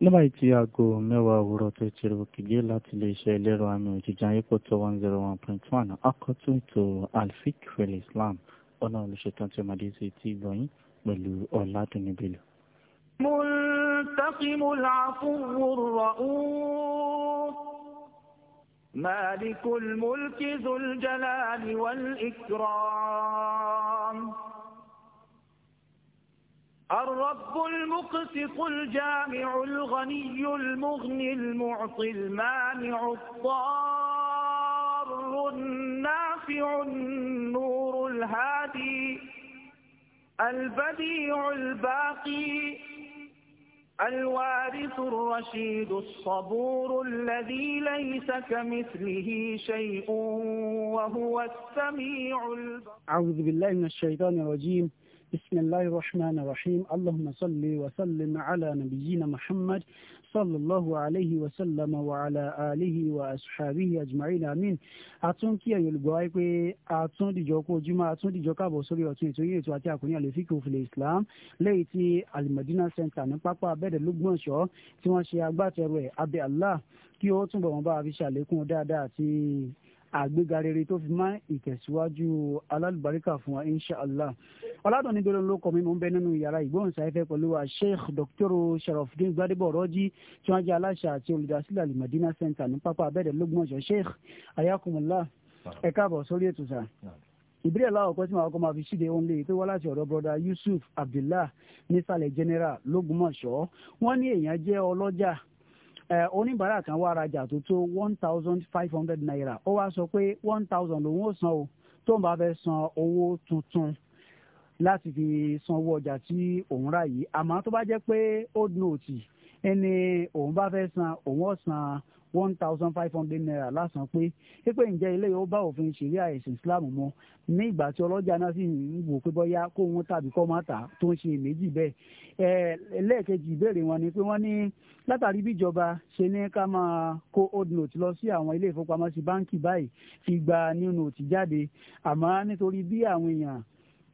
ní báyìí tí aago mẹ́wàá òwúrọ̀ tó ti rò kìdí láti lè ṣe ìlérò àmì òjìjà yípo one zero one point one akọ́tún ètò alfik fil islam ọ̀nà olùṣètàn tí ọmọdé sí ti gbọ̀yìn pẹ̀lú ọ̀làdùnní bèlò. منتقم العفو الرؤوف مالك الملك ذو الجلال والإكرام الرب المقسط الجامع الغني المغني المعطي المانع الضار النافع النور الهادي البديع الباقي الوارث الرشيد الصبور الذي ليس كمثله شيء وهو السميع البصير أعوذ بالله من الشيطان الرجيم بسم الله الرحمن الرحيم اللهم صل وسلم على نبينا محمد صلى الله عليه وسلم وعلى آله وأصحابه أجمعين آمين atún kí ẹ̀yin olùgbọ́ wáyé pé atún dìjọ kó ojúmọ́ atún dìjọ káàbọ̀ sórí ọ̀tún ètò yìí ètò àti àkùnrin àlèfíkì òfìlẹ̀ Islam lẹ́yìn tí Al-Madina Center ní pápá abẹ́ẹ̀dẹ̀ lógbọ̀nsọ́ tí wọ́n ṣe agbátẹrù ẹ̀ abẹ́ Allah kí ó túnbọ̀ wọn bá a fi ṣàlékún dáadáa àti àgbéga rere tó fi má ìtẹ̀síwájú alálùbáríkà fún wa insha Allah ọ̀làdùnní dolo ló kọ́ mi mò ń bẹ nínú yàrá ìgbóhùnsáfẹ́ pẹ̀lú wa sheikh dr sharafdin gbadebo rọ́jí tí wọ́n jẹ́ aláṣà àti olùdásílẹ̀ alimadina center ní pápá abẹ́rẹ́ lọ́gbọ̀nsọ sheikh ayakumullah ẹ káàbọ̀ sórí ètò sà ìbílẹ̀ láwọn ọ̀pẹ́ tí màá kọ́ máa fi ṣíde òun lè tó wá láti ọ̀dọ̀ broda yusuf abdullah nísàlẹ̀ general lọ́gbọ̀nsọ wọ́n ní èèyàn jẹ́ ọlọ́jà oníbàárà kan wá rajà tó tó one thousand five hundred naira ó wá sọ pé one thousand lòun ò san láti fi sanwó ọjà tí òun rà yìí àmọ́ tó bá jẹ́ pé old note ẹni òun bá fẹ́ san òun ó san one thousand five hundred naira lásán pé pípé ǹjẹ́ ilé yóò bá òfin ṣẹ̀ríà ẹ̀sìn islam mu ní ìgbà tí ọlọ́jà náà sì ń wò pé bọ́yá kó wọn tàbí kọ́ máa tà tó ń ṣe méjì bẹ́ẹ̀ ẹ ẹlẹ́ẹ̀kejì ìbéèrè wọn ni pé wọ́n ní látàrí bí ìjọba ṣe ní ká máa kó old note lọ sí àwọn ilé ìfowópamọ́sí báńkì báyìí fi gba new note jáde àmọ́ nítorí bí àwọn èèyàn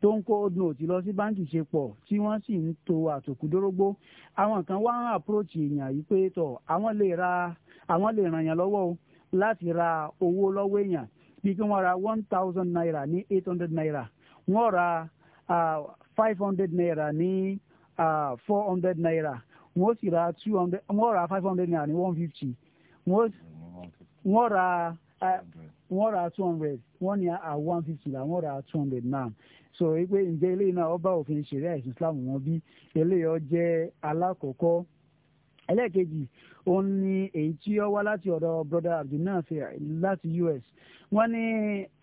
tó ń kó odun òtí lọ sí báńkì ṣe pọ̀ tí wọ́n sì ń to àtòkù dórógbó àwọn kan wá ń àpòròchì èèyàn yìí pé tọ̀ àwọn lè ra àwọn lè ràn yàn lọ́wọ́ o láti ra owó lọ́wọ́ èèyàn bí kí wọ́n ra one thousand naira ní eight hundred naira wọ́n ra five hundred naira ní four hundred naira wọ́n sì ra two hundred wọ́n ra five hundred naira ní one fifty wọ́n ra wọ́n ra two hundred One year a one fifty la wọ́n ra two hundred náà so wípé ǹjẹ́ eléyìí náà ọba òfin ṣẹ̀ríà ẹ̀sìn Islam wọn bí eléyìí ó jẹ́ alákọ̀ọ́kọ́ ẹlẹ́ẹ̀kejì òun ni èyí tí ó wá láti ọ̀dọ̀ brother abdulnafi láti US wọ́n ní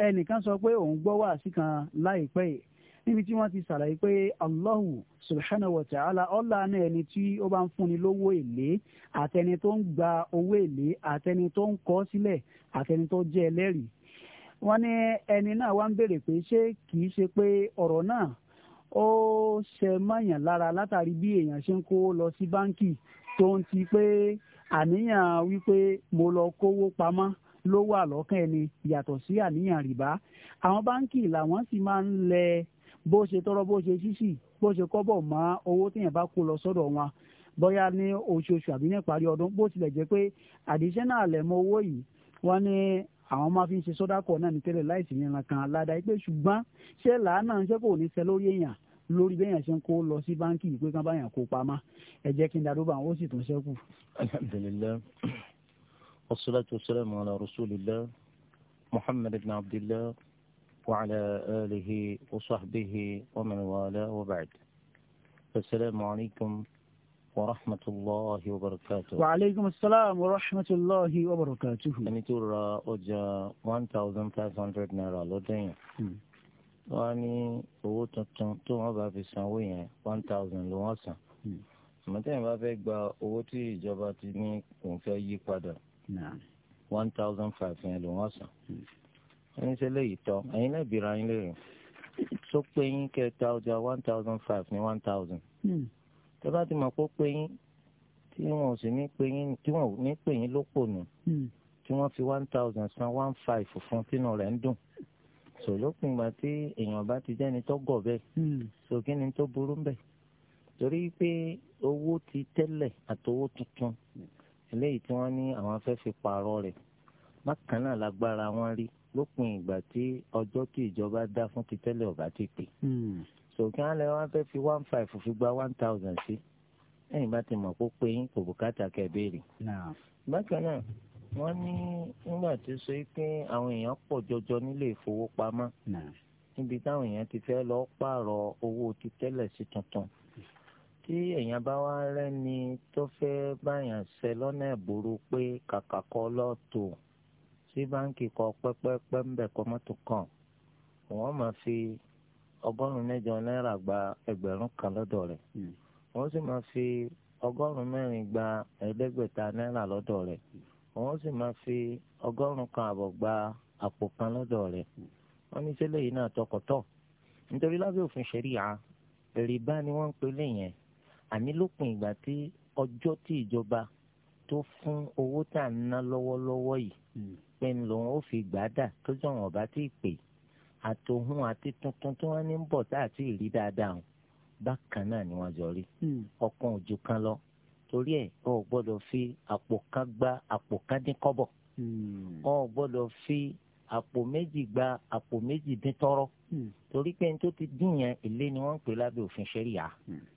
ẹnìkan sọ pé òun gbọ́ wàásì kan láìpẹ́ yìí níbi tí wọ́n ti ṣàlàyé pé allahu subhanahu wa ta'ala ọ̀là náà ẹni tí ó bá ń fúnni lówó èlé àtẹni tó ń gba owó èlé àtẹni tó ń kọ sílẹ̀ àtẹni tó jẹ́ ẹlẹ́rìí wọ́n ní ẹni náà wá ń béèrè pé ṣé kìí ṣe pé ọ̀rọ̀ náà ó ṣe mọ́yàn lára látàrí bí èèyàn ṣe ń kó lọ sí báńkì tó ń ti pé àníyàn wípé mo lọ kówó pamọ́ ló wà lọ́kàn ẹni yàtọ̀ sí àníyàn rìbá àwọn báńkì làwọn sì máa ń lẹ bó ṣe tọrọ bó ṣe ṣíṣì bó ṣe kọ́bọ̀ mọ́ owó téèyàn bá kó lọ sọ́dọ̀ wọn bóyá ní oṣooṣù àbí ní ìparí ọdún bó tilẹ̀ jẹ́ pé àdíṣẹ́ náà lẹ̀ mọ owó yìí wọ́n ní àwọn máa fi ń ṣe sọ́dá kọ̀ náà ní tẹ́lẹ̀ láìsí ìran kan ládàá pé ṣùgbọ́n ṣé làánà ń ṣe kò ní ṣe lórí èèyàn lórí bẹ́yàn ṣe ń kó lọ sí báńkì ìpé kan báyàn kó pamọ́ ẹ jẹ́ kí n darúgbà وعلى آله وصحبه ومن والاه وبعد السلام عليكم ورحمة الله وبركاته وعليكم السلام ورحمة الله وبركاته أني ترى أجا 1500 نيرا لدين wọ́n ní owó tuntun tó wọ́n bá fi sanwó yẹn one thousand ló wọ́n san hmm. àmọ́tẹ́yìn bá fẹ́ gba owó tí ìjọba ti ní òun fẹ́ yí padà one thousand five yẹn ló wọ́n san. Hmm ẹni ṣe léyìí tọ́ ẹ̀yin náà bìrọ̀ ẹ̀yin léyìn tó pé yín kẹta ọjà one thousand five ní one thousand hmm. tó bá ti mọ̀ pé pé yín tí wọn ò sì ní pé yín tí wọn ò ní pé yín ló pò nù hmm. tí wọ́n fi one thousand san one five fún tínú rẹ̀ ń dùn sọ lópin ìgbà tí èèyàn bá ti jẹ́ni tó gọ̀ bẹ́ẹ̀ hmm. sọ kí ni tó burú bẹ́ẹ̀ torí pé owó ti tẹ́lẹ̀ àtowó tuntun eléyìí tí wọ́n ní àwọn fẹ́ fi pààrọ̀ rẹ̀ bákan náà lágbára wọn rí lópin ìgbà tí ọjọ́ tí ìjọba dá fún ti tẹ́lẹ̀ ọ̀bá ti pè. sòkè á lẹ wọn fẹ́ fi one five fi gba one thousand sí ẹ̀yìn bá ti mọ̀ kó pé yín kò bùkátà kẹ́ béèrè. bákan náà wọ́n ní nígbà tó sọ pé àwọn èèyàn pọ̀ jọjọ nílé ìfowópamọ́ níbi táwọn èèyàn ti fẹ́ lọ pààrọ̀ owó ti tẹ́lẹ̀ sí tuntun tí èèyàn bá wá rẹ́ni tó fẹ́ báyàn ṣe lọ́nà ìgboro pé kàkà kọ́ lọ́ọ́ sí báńkì kọ pẹ́pẹ́pẹ́ ń bẹ̀ kọ́ mọ́tò wọ́n fi ọgọ́rùn-ún mẹ́jọ náírà gba ẹgbẹ̀rún kan lọ́dọ̀ rẹ̀ hmm. wọ́n sì máa fi ọgọ́rùn-ún mẹ́rin gba ẹ̀ẹ́dẹ́gbẹ̀ta náírà lọ́dọ̀ rẹ̀ wọ́n sì máa fi ọgọ́rùn-ún kan àbọ̀ gba àpò kan lọ́dọ̀ rẹ̀ wọ́n ní sẹ́lẹ̀ yìí náà ni wọ́n ń pè léyìn lópin ìgbà tí ọjọ́ tí ìjọba tó fún owó pinnu lòun ó fi gbà dà tó jọ wọn bá ti pè àtòhun àti tuntun tí wọn ní ń bọ̀ tá àti ìrí dáadáa hàn bákan náà ni wọn jọ rí hmm. ọkàn ojú kan lọ torí ẹ ọ gbọ́dọ̀ fi àpò kan gba àpò kan dín kọ́bọ̀ ọ hmm. gbọ́dọ̀ fi àpò méjì gba àpò méjì dín tọrọ hmm. torí pé n tó ti dín yẹn èlé ni wọ́n ń pè lábẹ́ òfin ṣẹríya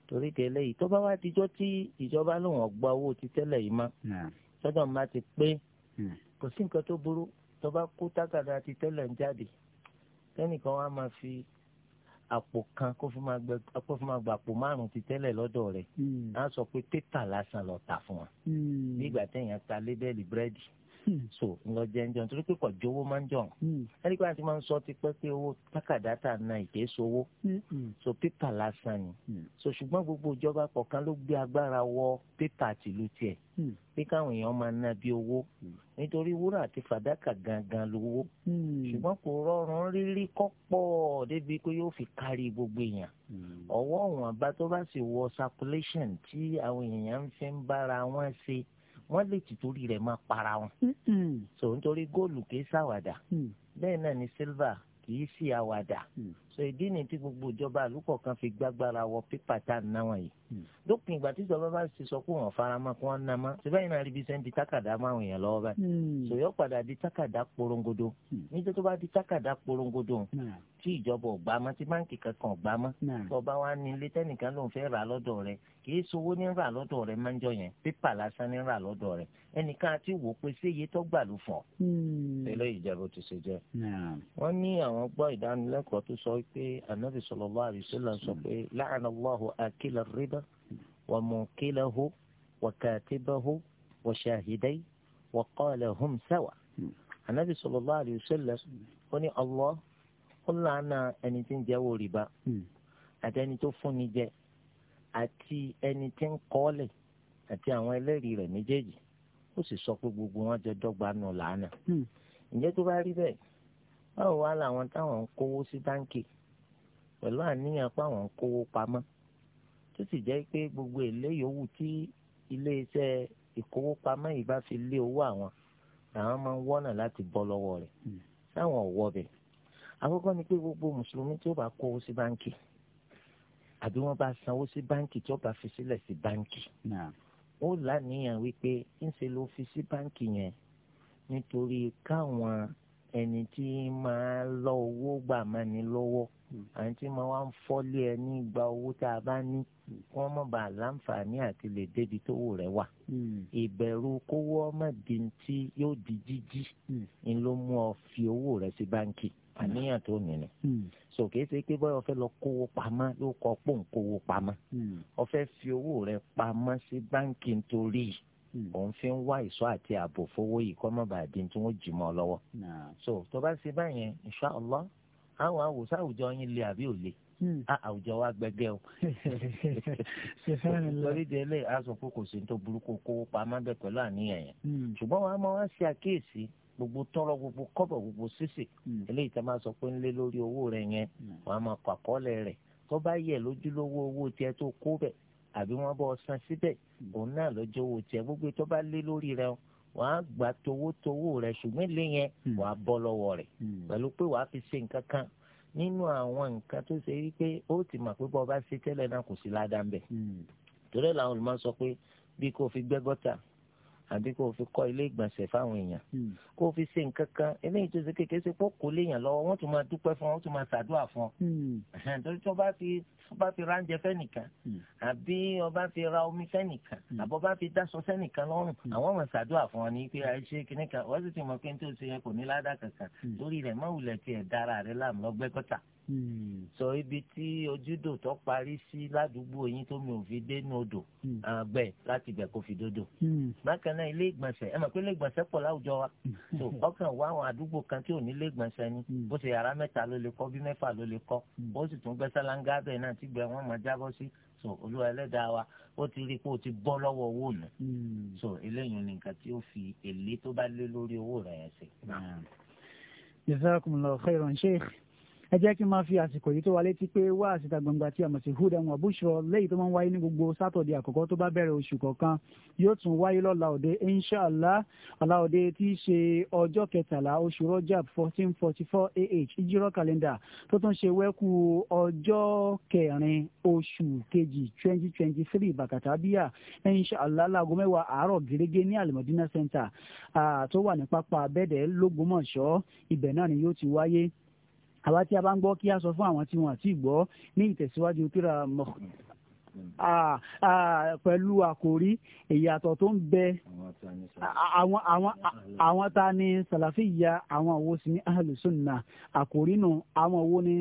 torí tẹlẹ yìí tó bá wá dijọ́ tí ìjọba lòun ọgbà owó ti tẹ́lẹ̀ yìí mọ́ sọ́dọ̀ má ti pé kò sí nǹkan tó burú tó bá kó tákàdá ti tẹ́lẹ̀ ń jáde tẹ́nìkan wá máa fi àpò kan kó fi máa gba àpò márùn ti tẹ́lẹ̀ lọ́dọ̀ rẹ̀ á hmm. sọ pé tẹ́tà lásán lọ tà fún wa hmm. nígbà téèyàn ta lébẹ́lì búrẹ́dì Hmm, so ńlọ jẹnjẹn torí pé kò jówó máa ń jọ hmm. ẹni pé a ti máa ń sọ tipẹ́ pé owó tákàdá tà ìké sowó so pépà lásán ni hmm. so ṣùgbọ́n gbogbo ìjọba kọ̀ọ̀kan ló gbé agbára wọ pépà tìlú tiẹ̀ pé káwọn èèyàn máa ná bí owó nítorí wúrà àti fàdákà gangan lówó ṣùgbọ́n kò rọrùn rírí kọ́pọ̀ débi pé yóò fi kárí gbogbo èèyàn ọwọ́ wọn bá tó bá sì wọ circulation tí àwọn èèyàn ń fi ń bára wọn ṣe wọ́n lè tìtorí rẹ̀ máa para wọn. so nítorí góòlù kì í ṣàwàdà mm. bẹ́ẹ̀ náà ni silver kì í sí àwàdà mm so ìdí ni tí gbogbo ìjọba àlùkò kan fi gbàgbára wọ pépà tá a náwọn yìí hmm. lópin ìgbà tí ìjọba bá ti sọ pé wọn fara mọ́ kí wọn ná mọ́ síbẹ̀ yìí náà rí ibi sẹ́ńtì tákàdá máa ń yàn lọ́wọ́ báyìí hmm. sòyọ́ padà di tákàdá porongodo hmm. nítorí tó bá di tákàdá porongodo tí ìjọba ò gbà mọ́ tí báǹkì kankan ò gbà mọ́ tó bá wà ní ilé tẹ́nìkan ló ń fẹ́ rà lọ́dọ̀ rẹ̀ kì í sowó ní rà lọ́dọ̀ rẹ̀ máa ń jọ yẹn pépà lásán ní rà lọ́dọ̀ rẹ̀ ẹnìkan àti wò pé séye tó gbà ló fọ̀. eléyìí ìjọba ti ṣe jẹ́. wọ́n ní àwọn gbọ́ ìdánilẹ́kọ̀ọ́ tó sọ pé anabi sallallahu alaihi wasallam sọ pé la'ana Allahu akila riba wa mukilahu wa katibahu wa shahidai wa qala hum sawa anabi sallallahu alaihi wasallam ó ní Allah ó lànà ẹni tí ń jẹ́wọ́ rìbá àti ẹni tó fúnni jẹ àti ẹni tí ń kọ́lẹ̀ àti àwọn ẹlẹ́rìí rẹ̀ méjèèjì ó sì sọ pé gbogbo wọn jẹ dọ́gba nù làánà ǹjẹ́ tó bá rí bẹ́ẹ̀ báwo wá làwọn táwọn ń kówó sí báńkì pẹ̀lú àníyàn pé àwọn ń kówó pamọ́ tó sì jẹ́ pé gbogbo èlé yòówù tí iléeṣẹ́ ìkówópamọ́ yìí bá fi lé owó àwọn làwọn máa ń wọ́nà láti bọ́ lọ́wọ́ rẹ̀ hmm. táwọn ò àkọ́kọ́ ni pé gbogbo mùsùlùmí tí ó bá kówó sí báńkì àbí wọ́n bá sanwó sí báńkì tí ó bá fi sílẹ̀ sí báńkì ó láníyàn wípé ńṣe ló fi sí báńkì yẹn nítorí káwọn ẹni tí máa lọ owó gbà máa ní lọ́wọ́ hmm. àwọn tí máa wá ń fọ́lé ẹ ní gba owó tá a bá ní hmm. wọ́n mọ̀ bá láǹfààní àti lè débi tówó rẹ̀ wà. Hmm. ìbẹ̀rù kówó ọmọ di ti yóò di jíjí ni ló mú ọ fi owó rẹ̀ sí báńkì àníyàn tó nìyẹn. so kìí ṣe pé báyọ̀ fẹ́ lọ kówó pamọ́ ló kọ́ pòǹkówó pamọ́. o fẹ́ fi owó rẹ̀ pamọ́ sí báńkì nítorí yìí Hmm. òun fi ń wá ìṣọ́ àti ààbò fowó yìí kọ́ mọ́ bàdí tí wọ́n jì mọ́ lọ́wọ́. so tó bá ṣe báyẹn insha Allah àwọn àwòsàn àwùjọ yín le àbí ò le hmm. àwùjọ wa gbẹgẹ o lórí délé asòfò kò sí tó burúkú kówó pamọ́ bẹ́ẹ̀ pẹ̀lú àníyàn yẹn hmm. ṣùgbọ́n wàá máa wá ṣe àkíyèsí gbogbo tọrọ gbogbo kọ́bọ̀ gbogbo sísè eléyìí tá a máa sọ pé ń lé lórí owó rẹ yẹn a máa kọ àkọọ́lẹ̀ rẹ tó bá yẹ lójúlówó owó tiẹ̀ tó kó bẹ́ẹ̀ àbí wọ́n bọ́ san síbẹ̀ òun náà lọ́jọ́ owó tiẹ̀ gbogbo tó bá lé lórí rẹ o wà á gbà towó towó rẹ ṣùgbọ́n ilé yẹn hmm. wà á bọ́ lọ́wọ́ rẹ̀ hmm. pẹ̀lú pé wà á fi ṣe nǹkan kan nínú àwọn nǹkan tó ṣe rí pé ó ti mọ̀ pé bọ́ọ̀ ṣe tẹ́lẹ̀ náà kò sí ládàá ń bẹ̀ hmm. torí làwọn olùmọ̀ sọ pé bí kò fi gbẹ́ gọ́tà àbí kó o fi kọ́ ilé ìgbọ̀nsẹ̀ fáwọn èèyàn hmm. kó o fi ṣe nǹkan kan eléyìí tó ṣe kékeré ṣe pọ̀ kó léèyàn lọ́wọ́ wọ́n tún máa dúpẹ́ fún ọ wọ́n tún máa ṣàdúrà fún ọ. Hmm. torí tó bá fi bá fi ránjẹ fẹ́nìkan hmm. àbí ó bá fi ra omi fẹ́nìkan àbọ̀ bá fi dáṣọ fẹ́nìkan lọ́rùn àwọn máa ṣàdúrà fún ọ ní pé àìṣe kìnnìkan wọ́n sì ti mọ̀ pé ní ṣe yẹ kò ní ládàá kankan lórí rẹ̀ mọ́wùlẹ̀ tiẹ̀ Hmm. sọ ibi tí ojúdò tó parí sí ládùúgbò yín tó mi ò fi dé ní odò hmm. àgbẹ̀ láti bẹ̀ kó fi dódò. Hmm. bákan náà ilé ìgbọ̀nsẹ̀ ẹ mọ̀ pé ilé ìgbọ̀nsẹ̀ pọ̀ láwùjọ wa tó ọkàn wá àwọn àdúgbò kan tí ò ní ilé ìgbọ̀nsẹ̀ ni bó ṣe yàrá mẹ́ta ló lè kọ́ bí mẹ́fà ló lè kọ́ bó sì tún gbẹ́sẹ̀ láńgá bẹ́ẹ̀ náà tí gbẹ wọn máa jábọ́ sí so olúwa ẹlẹ́dàá wa ó ti rí i pé ó ti bọ́ lọ́wọ́ owó nù so eléyìí ni nǹkan tí ó fi èlé tó bá lé lórí owó rẹ̀ yẹn ṣe. jazakumullahu khairan sheikh ẹ jẹ́ kí n máa fi àsìkò yìí tó wa létí pé wá àsìta gbangba tí a mọ̀ sí hudan wa bushra lẹ́yìn tó máa ń wáyé ní gbogbo sátọ̀dẹ̀ àkọ́kọ́ tó bá bẹ̀rẹ̀ oṣù kọ̀ọ̀kan yóò tún wáyé lọ́la òde inshallah ọ̀la tí í ṣe ọjọ́ kẹtàlá oṣù rọ́jàb fourteen forty four ah ìjírọ̀ kàlẹ́ndà tó tún ṣe wẹ́kú ọjọ́ kẹrin oṣù kejì twenty twenty three bàkàtà bíyà inshallah láago mẹ́wàá àárọ̀ gẹ́gẹ́ ní alimọ̀dínà center tó wà ní pápá abẹ́dẹ̀ lógbómọ̀ṣọ́ ibẹ̀ náà ni yóò ti wáyé àwa tí a bá ń gbọ́ kí a sọ fún àwọn tí wọ́n àti gbọ́ ní ìtẹ̀síwájú tíra mọ̀ pẹ̀lú àkòrí ìyàtọ̀ tó ń bẹ àwọn ta ni sàlàfíyà àwọn wo sì ni ahlùsùnà àkòrí nù àwọn wo ni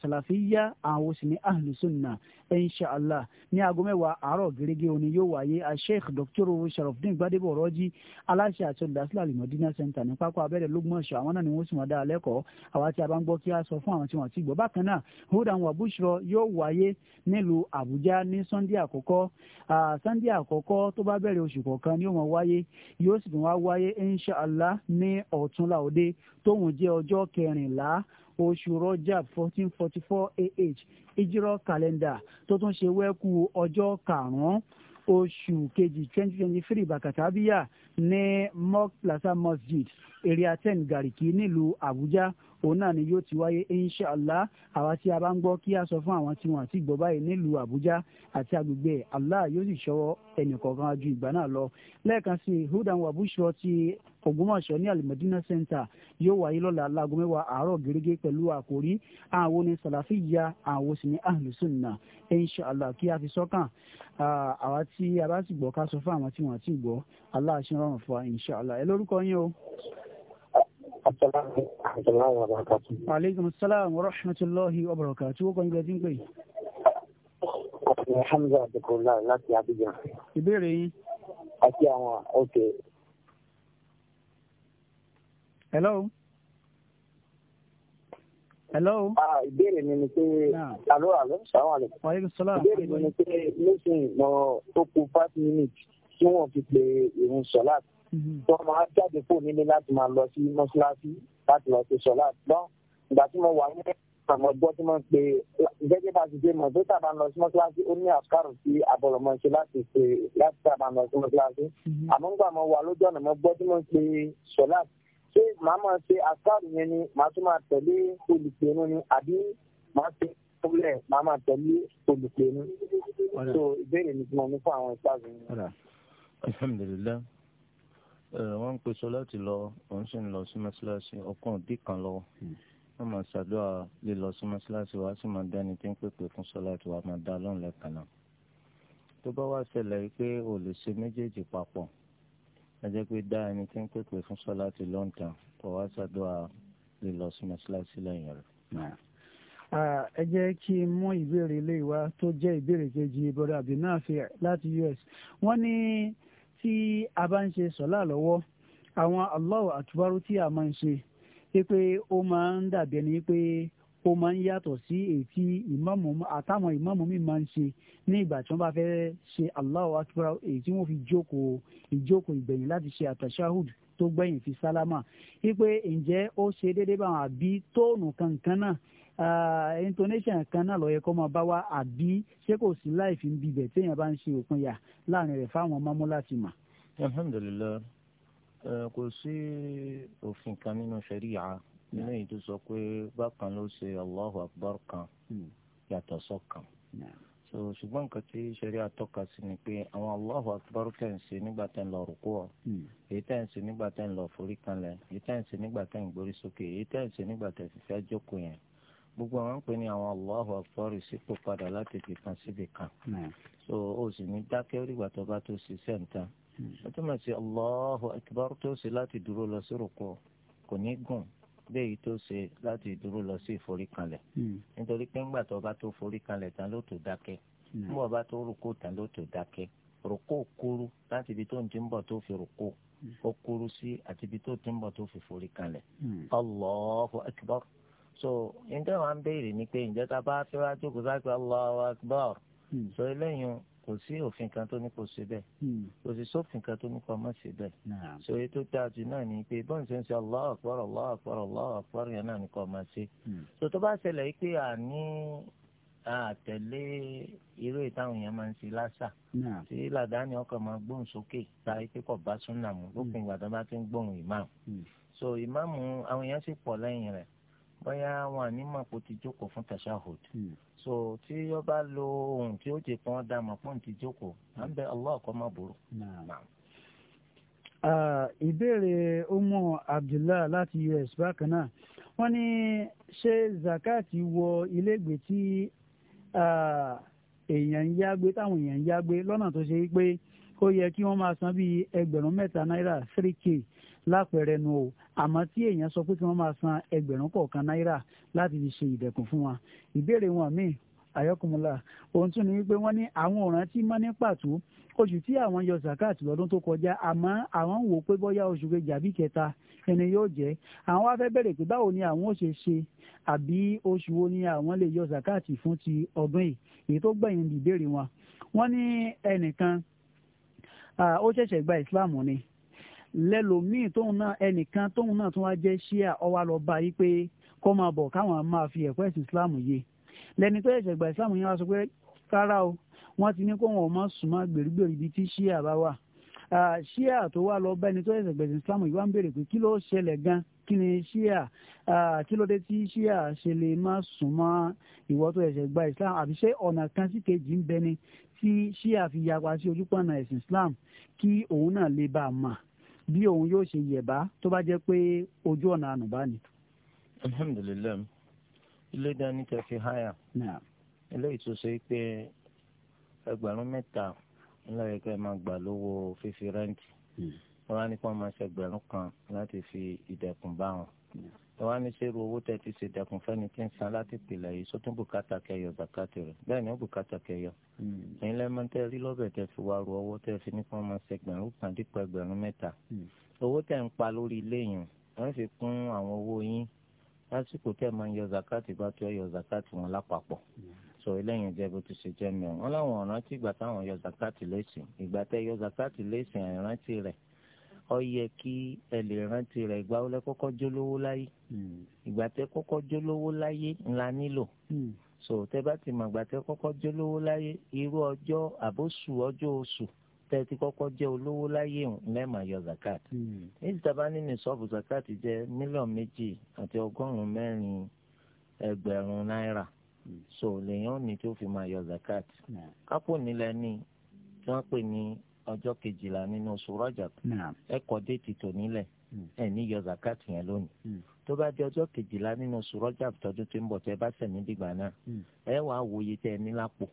sàlàfíyà àwọn wo sì ni ahlùsùnà inshallah ní aago mẹ́wàá àárọ̀ gẹ́gẹ́ òní yóò wáyé sheikh dr sharafdin gbadebo rọ́jí aláṣẹ àti olùdásílẹ̀ alimọ̀dínà center ní pápá abẹ́rẹ́ lógúnmọ̀ṣọ́ àwọn náà ni wọ́n sì wọ́n dá lẹ́kọ̀ọ́ àwa tí a bá ń gbọ́ kí a sọ fún àwọn tí wọ́n ti gbọ́ bákan náà hudan wa bushro yóò wáyé nílùú àbújá ní sunday àkọ́kọ́ sunday àkọ́kọ́ tó bá bẹ̀rẹ̀ oṣù kọ̀ọ̀kan yóò máa wáyé yóò oṣù rọ́jà fourteen forty four AH ìjírọ̀ kalenda, tó tún ṣe wẹ́kú ọjọ́ karùn-ún oṣù kejì twenty twenty three bàkàtàbíyà ní mok plaza mosjid èrè àtẹn gàríkì nílùú Àbújá òun náà ni yóò ti wáyé inshàlá àwa tí a bá ń gbọ́ kí a sọ fún àwọn tí wọ́n àti gbọ́ báyìí nílùú àbújá àti agbègbè allah yóò sì ṣọwọ́ ẹnìkọ̀ọ̀kan ju ìgbà náà lọ lẹ́ẹ̀kan sí hudan wabushọ ti ògbómọ̀ṣọ́ ní alimọ̀dínà center yóò wáyé lọ́la aago mẹ́wàá àárọ̀ gẹ́gẹ́ pẹ̀lú àkórí àwọn ní sàlàfíyà àwọn sì ní ahlùsùnà inshàlá kí a fi sọ́kàn àwa tí a bá sì gbọ́ ká sọ fún àwọn tí wọ́n àti gbọ́ allah ṣe rọrùn fún wa inshàlá ẹ lórúkọ yín o aleykum salaam wa rahmatulahi wa barakatu wo kàn gbẹdín pé. hamza abdulkola láti abidjan. ìbéèrè yín. àti àwọn ok. hello. hello. ah ìbéèrè mi ni pé alo alo sàwọn àlè. aleykum salaam. ìbéèrè mi ni pé lóṣù mọ tó kù five minutes tí wọn fi pe irun sọláàtì. Mm-hmm. wọn máa jáde kó nílé láti máa lọ sí mọ́ṣáláṣí láti lọ sí sọ́lá gbọ́n ìgbà tí mo wà ní àmọ́ gbọ́ tí wọ́n pe gẹ́gẹ́ bá ti dé mọ̀ tó tàbá lọ sí mọ́ṣáláṣí ó ní àkàrò sí abọ́lọ́mọṣẹ́ láti pe láti tàbá lọ sí mọ́ṣáláṣí mm-hmm. àmọ́ nígbà mo wà lójú ọ̀nà mo gbọ́ tí wọ́n pe sọ́lá ṣé màá máa ṣe àkàrò yẹn ni màá tún máa tẹ̀lé olùpẹ̀nu ni àbí màá ṣe ìpínlẹ̀ màá máa tẹ̀lé olùpẹ̀nu. so ìbéèrè mi ti mọ̀ ní fún àwọn ìpàgọ́ yẹn. alhamdulilayi wọ́n ń pèsè láti lọ òun sì ń lọ sí mọ́ṣáláṣí ọkàn òdì kan lọ́wọ́ hmm. wọ́n máa ṣàdúrà lílọ sí mọ́ṣáláṣí wa sì máa dání tí ń pèpè fún sọ́láàtì wa máa dá lọ́rùn lẹ́ẹ̀kan náà tó bá wá ṣẹlẹ̀ pé o lè ṣe méjèèjì papọ̀ ẹ jẹ́ pé dá ẹni tí ń pèpè fún sọ́láàtì lọ́ǹtàn tó wá ṣàdúrà lílọ sí mọ́ṣáláṣí lẹ́yìn rẹ̀. ẹ jẹ́ kí n mú ìbéèrè ilé wa tó jẹ́ ìbéèrè kejì brother Abdul Nafi láti US wọ́n ní. Ni tí a bá ń ṣe sọ́lá lọ́wọ́ àwọn Allahu àtúbárú tí a máa ń ṣe é pé ó máa ń dàbí ẹni pé ó máa ń yàtọ̀ sí èyí tí ìmáàmù àtàwọn ìmáàmù mi máa ń ṣe ní ìgbà tí wọ́n bá fẹ́ ṣe Allahu akbar èyí tí wọ́n fi jókòó ìjókòó ìgbẹ̀yìn láti ṣe àtàṣáhùd tó gbẹ̀yìn fi sálámà wípé ǹjẹ́ ó ṣe déédéé báwọn àbí tóònù kankan náà intonation kan náà ló yẹ kó máa bá wa àbí ṣé kò sí láìfi ń bibẹ̀ téèyàn bá ń ṣe òpin yà láàrin rẹ̀ fáwọn ọmọ múlá mà. alhamdulilayi kò sí òfin kan nínú ṣẹ̀ríyà nínú èyí tó sọ pé bákan ló ṣe allahu akbar kan hmm. yàtọ̀ sọ́kan so ṣùgbọ́n nǹkan tí ṣẹ̀rí àtọ́ka sí ni pé àwọn Allahu Akbar tẹ̀ ń ṣe nígbà tẹ̀ ń lọ rúkú ọ̀ hmm. èyí tẹ̀ ń ṣe nígbà tẹ̀ ń lọ forí kanlẹ̀ èyí tẹ̀ ń ṣe nígbà tẹ̀ ń gborí sókè èyí tẹ̀ ń ṣe nígbà tẹ̀ fífẹ́ jókòó yẹn gbogbo àwọn ń pè ní àwọn Allahu Akbar lati padà láti ibì kan kan so o sì ní dákẹ́ orígbà tó bá tó ṣiṣẹ́ nǹkan o túmọ̀ sí Allahu Akbar tó ṣe láti dúró lọ sí rúkọ kò ní gùn léyìí tó ṣe láti dúró lọ sí ìforíkanlẹ̀ hmm. nítorí pé ńgbà tó bá tó foríkanlẹ̀ tán ibi tó ń ti ń bọ̀ tó fi hmm. ibi tó ti ń so ǹjẹ́ wàá ń béèrè ni pé ǹjẹ́ tá a bá fẹ́ wá jókòó sáàkì Allahu Akbar hmm. so eléyìí kò sí òfin kan tó ní kò ṣe bẹ́ẹ̀ hmm. kò sì sófin kan tó ní kò má ṣe bẹ́ẹ̀ so èyí tó dáa jù náà ni pé bọ́ǹsì ń ṣe Allah, Akbar Allahu Akbar Allahu Akbar yẹn náà ní kò má ṣe hmm. so tó bá ṣẹlẹ̀ pé àní àtẹ̀lé irú ìtàwọn yẹn máa ń ṣe lásà tí làdáni ọkọ̀ máa gbóhùn sókè ta ike kọ̀ bá súnà mu lópin ìgbà tó bá ti ń gbóhùn ìmáàmù so ìmáàmù àwọn èèyàn sì pọ̀ lẹ́yìn rẹ̀ bóyá wọn àní mọ̀ pé ó ti jókòó fún tashahud hmm. so tí ó bá lo ohun tí ó jẹ́ pé wọ́n dá mọ̀ pé òun ti jókòó à ń bẹ Allah kó má burú. ìbéèrè umu abdullah láti us bákan náà wọ́n ní ṣé zakati wọ ilégbè tí èèyàn ń yágbé táwọn èèyàn ń yágbé lọ́nà tó ṣe pé ó yẹ kí wọ́n máa san bíi ẹgbẹ̀rún mẹ́ta náírà three k lápẹ̀rẹ̀ nu o àmọ́ tí èèyàn sọ pé kí wọ́n máa san ẹgbẹ̀rún kọ̀ọ̀kan náírà láti fi ṣe ìdẹ̀kùn fún wa ìbéèrè wọn míì àyọkùnmọ́lá ohun tún ni wípé wọ́n ní àwọn ọ̀ràn tí mọ́ ní pàtó oṣù tí àwọn yọ zakat lọ́dún tó kọjá àmọ́ àwọn ń wò pé bóyá oṣù kejì àbí kẹta ẹni yóò jẹ́ àwọn wá fẹ́ bẹ̀rẹ̀ pé báwo ni àwọn ò ṣe ṣe àbí oṣù wo ni àwọn lè yọ zakat fún ti ọdún yìí èyí tó gbẹ̀yìn ìbéèrè wọn wọ́n ní ẹnìkan ó ṣẹ̀ṣẹ̀ gba ìsìláàmù ni lẹ́lòmíì tóun náà ẹnìkan tóun náà tún wá jẹ́ ṣíà ọwá lọ bá yí pé kọ́ máa bọ̀ káwọn máa fi ẹ̀kọ́ ẹ̀sìn islam yé lẹ́ni tó ẹ̀sẹ̀ gba islam yẹn wá sọ pé rárá o wọ́n ti ní kó wọn máa súnmọ́ gbèrígbèrí ibi tí ṣíà bá wà ṣíà tó wá lọ bá ẹni tó ẹ̀sẹ̀ gbẹ̀sìn islam yìí wá ń béèrè pé kí ló ṣẹlẹ̀ gan kí ni ṣíà kí ló dé tí ṣíà ṣe lè máa súnmọ́ ìwọ́ tó ẹ̀sẹ̀ gba islam àbí ṣé ọ̀nà kan sí kejì ń bẹni tí ṣíà fi yapa sí ojúpọ̀nà ẹ̀sìn islam kí òun náà lè bá a mà bí òun yóò ṣe yẹ̀bá tó bá jẹ́ pé ojú ọ̀nà ànùbá ni. alhamdulilayi ilé dání tẹ fi háyà eléyìí tó ṣe pé ẹgbẹ̀rún mẹ́ta ńlá yẹ kẹ́ máa gbà lówó fífi rẹ́ǹtì hmm. wọ́n á ní kí máa ṣe ẹgbẹ̀rún kan láti fi ìdẹ̀kùn bá wọn wọn á ní sẹ́rù owó tẹ̀ ti ṣe dẹkùn fẹ́ni tí ń san láti pìlẹ̀ yìí sótún bùkátà kẹyọ zakati rẹ̀ bẹ́ẹ̀ ni ó bùkátà kẹyọ. Hmm. ẹ̀yin lẹ́mọ tẹ́ rí lọ́bẹ̀ tẹ́ fi wá ru ọwọ́ tẹ́ fi ní kí wọ́n máa ṣe gbẹ̀rún kan dípò ẹgbẹ̀rún mẹ́ta. Hmm. owó tẹ̀ ń pa lórí ilé yìí wọ́n fi kún àwọn owó yín lásìkò tẹ́ máa ń yọ zakati bá tó yọ zakati wọn lápapọ̀ hmm. sọ eléyìí jẹ bó ti ṣe jẹ mẹ́rin wọn láwọn ọ̀rántí ìgbà táwọn yọ zakati lẹ́sìn ìgbà tẹ́ yọ zakati lẹ́sìn àìrántí rẹ̀ ó yẹ kí ẹ lè rántí rẹ̀ ìgbà wọlé kọ́kọ́ jólówó láyé hmm. ìgbà tẹ kọ́kọ́ jólówó láyé ńlá nílò hmm. so tẹ bá ti mọ ìgbà tẹ kọ́kọ́ jólówó láyé irú ọjọ́ àbóṣù ọjọ́ oṣù tẹ ti kọ́kọ́ jẹ́ olówó láyé lẹ́ẹ̀ma yọ zakat hmm. èyí tàbá nínú sọ́ọ̀bù zakat jẹ́ mílíọ̀nù méjì àti ọgọ́rùn-ún mẹ́rin náírà so lèyàn ní tó fi máa yọ zakat kápò nílẹ̀ ní tí wọ́n pè ní ọjọ́ kejìlá nínú oṣù Rajab ẹ kọ déètì tò nílẹ̀ hmm. ẹ ní yẹn lónìí hmm. tó bá di ọjọ́ kejìlá nínú oṣù Rajab tọdún tó ń bọ̀ tẹ́ bá sẹ̀mí dìgbà náà hmm. ẹ wàá wòye ẹ ní lápò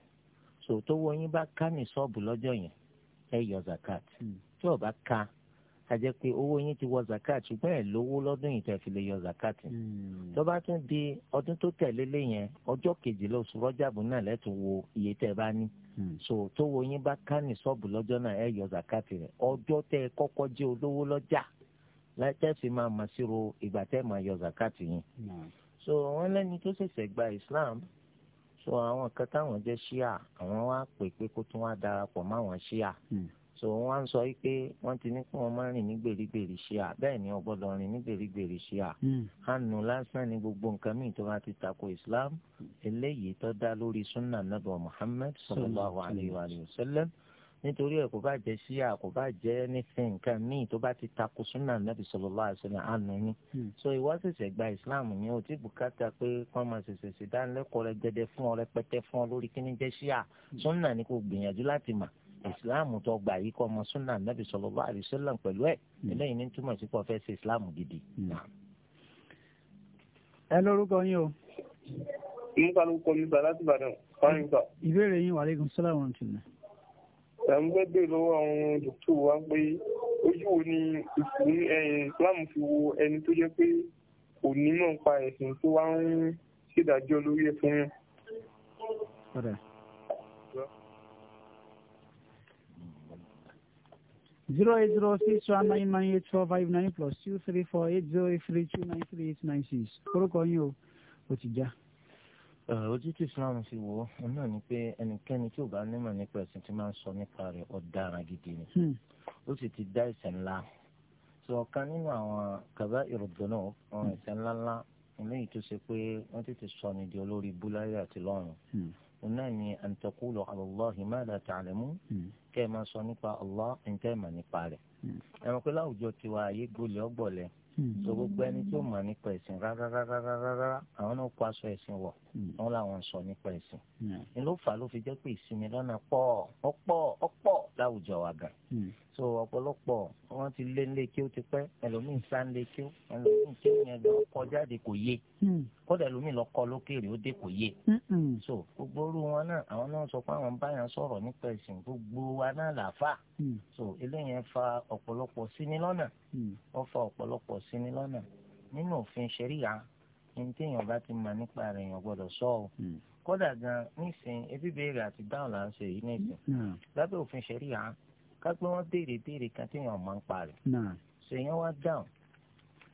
so tó bá ká ní ṣọ́ọ̀bù lọ́jọ́ yẹn ẹ yọ a jẹ́ pé owó yín ti wọ zakat ṣùgbọ́n ẹ̀ lówó lọ́dún yìí tẹ̀ fi lè yọ zakat. Hmm. tó bá tún di ọdún tó tẹ̀lé lé yẹn ọjọ́ kejìlá oṣù rọ́jàbù náà lẹ́tùn wo iye tẹ̀ bá ní. Hmm. so tó wo yín bá ká ní sọ́ọ̀bù lọ́jọ́ náà ẹ̀ yọ zakat rẹ̀ ọjọ́ tẹ kọ́kọ́ jẹ́ olówó lọ́jà látẹ́sí máa mọ̀ síro ìgbà tẹ́ máa yọ zakat yín. Hmm. so wọ́n lẹ́ni tó ṣẹ̀ṣẹ̀ gba Islam so àwọn kan táwọn jẹ́ ṣíà àwọn wá pè pé kó tún wá darapọ̀ máwọn ṣíà. Mm so wọ́n á sọ pé wọ́n ti ní kí wọ́n máa rìn ní gbèrígbèrí ṣíà bẹ́ẹ̀ ni wọ́n gbọ́dọ̀ rìn ní gbèrígbèrí ṣíà hmm. hànú lásán ni gbogbo nǹkan míì tó bá ti tako islam eléyìí tó dá lórí sunna nabi muhammed sallallahu alayhi wa sallam nítorí ẹ kò bá jẹ ṣíà kò bá jẹ anything nǹkan míì tó bá ti tako sunna nabi sallallahu alayhi wa sallam hànú ni hmm. so ìwọ ṣẹ̀ṣẹ̀ gba islam ni o ti bùkátà pé kọ́ máa ṣẹ̀ṣẹ̀ ṣèdánilẹ́kọ̀ọ́ rẹ gẹ́gẹ́ fún ọ rẹpẹtẹ fún ọ lórí kíní jẹ́ ṣíà hmm. sunna ni kò gbìyànjú láti mà ìsìláàmù tó gbà yìí kọ́ ọmọ súnà nàbì sallallahu alaihi wasallam pẹ̀lú ẹ̀ hmm. eléyìí ní túmọ̀ sí pé ọ̀fẹ́ ṣe ìsìláàmù gidi. Hmm. ẹ lórúkọ yín o. mo kà ló kọ mi bá láti Ìbàdàn fáyín kà. ìbéèrè yín wàlẹ́kùn sálàmù tìǹà. ẹ̀ ń gbẹ́ bèèrè lọ́wọ́ àwọn dòkítà wa pé ojú wo ni ìsìláàmù fi wo ẹni tó jẹ́ pé onímọ̀ nípa ẹ̀sìn tó wá ń ṣèdájọ́ lórí ẹ̀ fún yàn. zero eight zero six one nine nine eight four five nine plus two three four eight zero eight three two nine three eight nine six orúkọ yín o ò ti já. ojú tí islam fi wò ó náà ni pé ẹnikẹ́ni tí ò bá nímọ̀ nípa ẹ̀sìn tí máa ń sọ nípa rẹ̀ ọ̀daràn gidi ni hmm. ó sì ti dá ẹ̀ṣẹ̀ ńlá sọ ọ̀kan nínú àwọn kaba ìròdùnà àwọn hmm. ẹ̀ṣẹ̀ ńláńlá eléyìí tó ṣe pé wọ́n tètè sọ ní di olórí búláyà àti lọ́rùn hmm náà ni an taqulu ala Allahi ma la ta'lamun hmm. kẹ́ ẹ máa sọ nípa Allah ǹjẹ́ ẹ̀ mà nípa rẹ̀ hmm. ẹ̀rọ pé láwùjọ tiwa ayé gbolẹ̀ ọgbọ̀lẹ̀ hmm. so gbogbo ẹni tí ó mọ̀ nípa ẹ̀sìn rárá rárá rárá àwọn náà kó aṣọ ẹ̀sìn wọ̀ wọn làwọn sọ nípa ẹ̀sìn ni ló fà ló fi jẹ́ pé ìsinmi lọ́nà pọ̀ ọ̀pọ̀ ọ̀pọ̀ láwùjọ wa gan. Hmm. so ọ̀pọ̀lọpọ̀ wọ́n ti lé nílé kí ó ti pẹ́ ẹlòmíín sá nílé kí ó ẹlòmíín kí ó yẹn lọ kọ jáde kò yé hmm. kódà ẹlòmíín lọ kọ lókèrè ó dé kò yé. so gbogbo orú wọn náà àwọn náà sọ pé àwọn báyàn sọ̀rọ̀ nípa ẹ̀sìn gbogbo wa náà làáfà. Hmm. so eléyẹn fa ọ̀pọ̀lọpọ̀ síni lọ́nà wọ́n fa ọ̀pọ̀lọpọ̀ síni lọ́nà nínú òfin ṣẹ̀ríyà ní téèyàn kódà gan nísìn ebi béèrè àti dáhùn là ń ṣe yìí nísìn lábẹ́ òfin ṣẹ̀ríà ká pé wọ́n béèrè béèrè kan tí èèyàn máa ń parí ṣèyàn wá dáhùn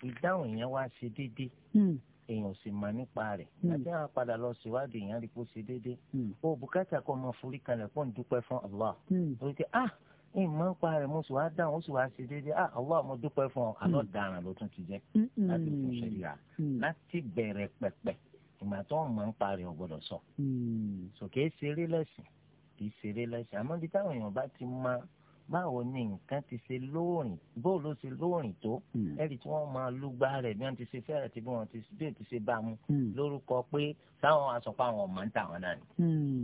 ìdáhùn yẹn wá ṣe déédéé hmm. èèyàn sì mọ nípa rẹ̀ hmm. àti àwọn padà lọ síwádìí èèyàn rí hmm. kó ṣe déédéé o bùkátà kọ́ ọmọ forí kalẹ̀ kó ń fún Allah lórí pé ah ń mọ nípa rẹ̀ mo sì wá dáhùn ó sì wá ṣe déédéé ah Allah mo dúpẹ́ fún ọ àlọ́ daràn ló tún ti jẹ́ láti ìgbà tó ń mọ̀ ń parí ọ̀gbọ́dọ̀ sọ. Hmm. sòkè ṣeré lẹ́sìn kì í ṣeré lẹ́sìn àmọ́ ibi táwọn èèyàn bá ti máa báwo ni nǹkan ti ṣe lóòrìn bóò ló ṣe lóòrìn tó hmm. ẹ̀rí tí wọ́n máa lúgbà rẹ̀ bí wọ́n ti ṣe fẹ́rẹ̀ tí bí wọ́n ti bí ti ṣe bá mu hmm. lórúkọ pé táwọn aṣọpá àwọn ọmọ ń tàwọn náà ni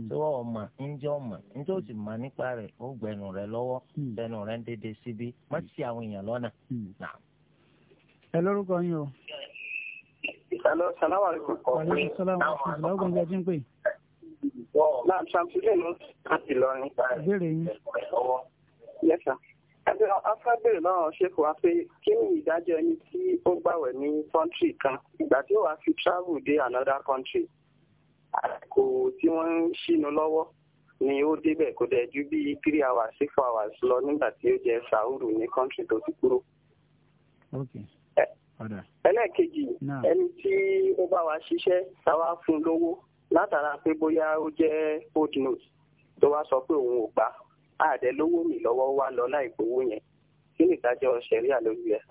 tí wọ́n ọmọ ńjẹ́ ọmọ ńjẹ́ ó sì mọ nípa rẹ̀ ó gbẹnu rẹ̀ lọ́wọ́ gbẹnu rẹ̀ ń dédé síbi má ti àwọn èèyàn lọ́nà. ẹ lórúkọ yín o. Hello, salam alaikum. Wàlẹ́ sàlámù alaikum. Láwùjọ ní ajé ń pè. Náà Ṣamsílẹ̀ ló ń láti lọ ní. Ìbéèrè yín. Yes sir. Ẹgbẹ́ afẹ́bẹ̀rẹ̀ náà ṣe kò wá pé kí ni ìdájọ́ ẹni tí ó gbàwẹ̀ ní country kan ìgbà tí ó wàá fi travel dé another country àsìkò tí wọ́n ń ṣínú lọ́wọ́ ni ó débẹ̀ kó dẹ̀ ju bíi three hours six hours lọ nígbà tí ó jẹ sàúrù ní country tó ti kúrò. Okay ẹlẹ́ẹ̀kejì ẹni tí ó bá wa ṣiṣẹ́ táwa fún lówó látara pé bóyá ó jẹ́ old note tó wá sọ pé òun ò gbà àdẹ lówó mi lọ́wọ́ wá lọ láì gbowó yẹn kí ni ìdájọ́ ṣẹ̀ríà lórí ẹ̀.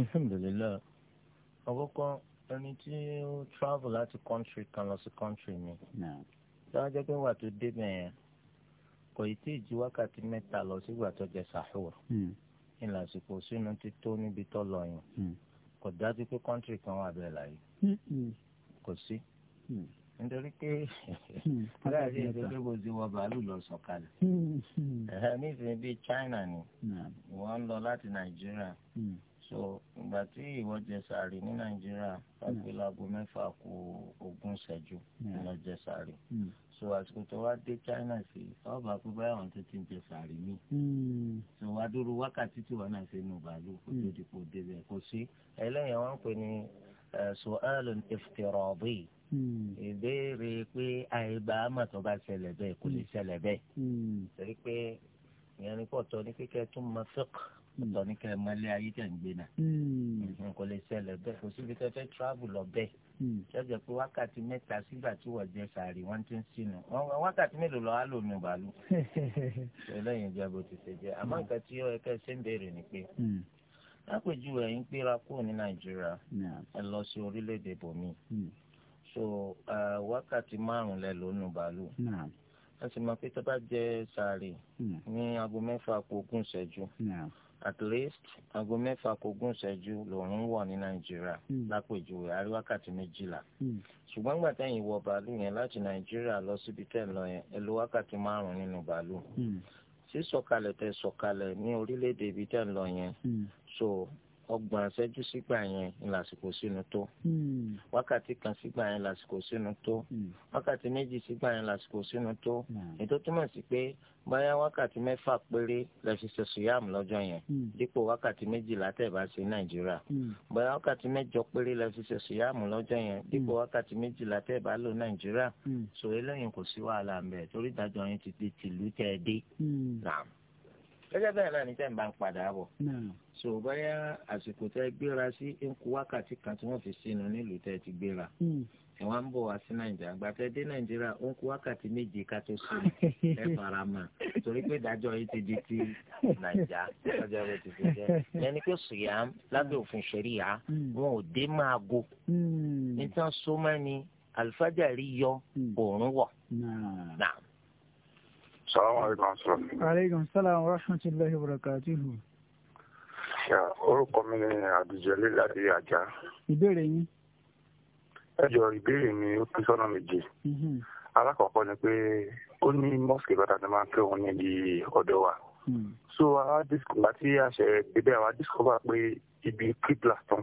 alhamdulilayi ẹni tí ó travel láti country kan lọ sí country mi dájọ́ pé wà tó débẹ̀ yẹn kò ì tí ì ju wákàtí mẹ́ta lọ sígbà tó jẹ sàhùwà ìlànà àsìkò sínú tító níbi tó lọ yẹn hmm. kò dájú pé kọ́ńtírì kan wà bẹ́ẹ̀ láyé hmm, hmm. kò sí nítorí pé láàrin ìdókè bó ti wọ bàálù lọ sọ̀kalẹ̀ nísìnyí bíi China ni wọ́n ń lọ láti Nàìjíríà so ìgbà tí ìwọ jẹ sàárì ní nàìjíríà láti láago mẹ́fà kù ogún ṣẹ́jú ìlọ jẹ so àsìkò tó wá dé china sí ọba pípa àwọn tó ti ń jẹ míì adúrú wákàtí tí wọn náà ṣe nù bàálù kó tó hmm. di kó débẹ̀ kó sí ẹlẹ́yìn wọn pè ní sọ́ọ́lù ìfìtìrọ̀bì hmm. ìbéèrè pé àìbá àmọ̀tọ́ bá ṣẹlẹ̀ bẹ́ẹ̀ kò lè hmm. ṣẹlẹ̀ bẹ́ẹ̀ torí pé ìyẹn ní pọ̀ tọ́ ní kíkẹ́ tó máa fẹ́kù ọ̀tọ̀ ní kẹ́ ẹ máa lé ayé tẹ̀ ń gbé náà kò lè ṣẹlẹ̀ bẹ́ẹ̀ kò síbi tẹ́ fẹ́ lọ bẹ́ẹ̀. Hmm. ṣọ́jà pé wákàtí mẹ́ta sígbà tí wọ́n jẹ sàárì wọ́n ti ń sínú wákàtí mélòó lọ́wọ́ á lò nù bàálù lẹ́yìn ìjà bó ti ṣe jẹ́ àmọ́ hmm. nǹkan tí ó yẹ kẹ́ ṣe ń béèrè ni pé hmm. lápèjú ẹ̀yin gbéra kúrò ní nàìjíríà ẹ lọ sí orílẹ̀-èdè bòmí so wákàtí márùn-ún lẹ lò nù bàálù ẹ sì mọ̀ pé tó bá jẹ sàárì ní aago mẹ́fà kó ogún ìṣẹ́jú at least aago mẹ́fà kò gún ìṣẹ́jú lòún wọ̀ ní nàìjíríà hmm. lápèjúwe àrí wákàtí méjìlá hmm. ṣùgbọ́n gbà tẹ́yìn wọ bàálù yẹn láti nàìjíríà lọ síbi tẹ́ lọ yẹn ẹ lo wákàtí márùn-ún nínú bàálù hmm. sísọ̀kalẹ̀ tẹ́ sọ̀kalẹ̀ ní orílẹ̀-èdè ibi tẹ́ lọ yẹn so ọgbọ̀n ìṣẹ́jú sígbà yẹn ni lásìkò sínú tó hmm. wákàtí kan sígbà yẹn lásìkò sínú tó hmm. wákàtí méjì sígbà yẹn lásìkò sínú tó hmm. ètò túmọ̀ sí pé báyà wákàtí mẹ́fà péré lẹ́sìn ṣe sùyàm lọ́jọ́ yẹn dípò wákàtí méjìlá tẹ̀bá sí nàìjíríà báyà wákàtí mẹ́jọ péré lẹ́sìn ṣe sùyàm lọ́jọ́ yẹn dípò wákàtí méjìlá tẹ̀bá lò nàìjíríà sọ eléyìí kò sí wàhálà ń torí ìdájọ́ yẹn ti di tìlú tẹ̀ dé gẹ́gẹ́ bẹ́ẹ̀ náà ní tẹ́ ń bá ń padà bọ̀ so báyà àsìkò tẹ́ gbéra sí nkú wákàtí kan tí wọ́n fi sínú nílùú tẹ́ ti gbéra hmm. ẹ̀wọ̀n ń bọ̀ wá sí nàìjíríà gbàtẹ́ dé nàìjíríà ó ń kú wákàtí méje ká tó sùn ẹ fara mọ́ torí pé ìdájọ́ yìí ti di ti nàìjà ọjọ́ rẹ̀ ti fi jẹ́ ẹni pé sùyàm lábẹ́ òfin ṣẹ̀ríyà hmm. wọn ò dé máa go hmm. nítorí sọ́mọ́ ni àlùfáàjà rí yọ òórùn wọ̀ náà. Aleykum salaam wa rahmatullahi wa barakatuhu. Orúkọ mi ni Abduljalil láti Ajá. Ìbéèrè yín. Ẹjọ́ ìbéèrè mi ó pín sọ́nà méje. Mhm. Alákọ̀ọ́kọ́ ni pé ó ní mọ́sìkì bàtà tó máa ń pè wọ́n níbi ọ̀dọ́ wa. Hmm. So, àwa discover tí àṣẹ bíbẹ́ àwa discover pé ibi kíblà tó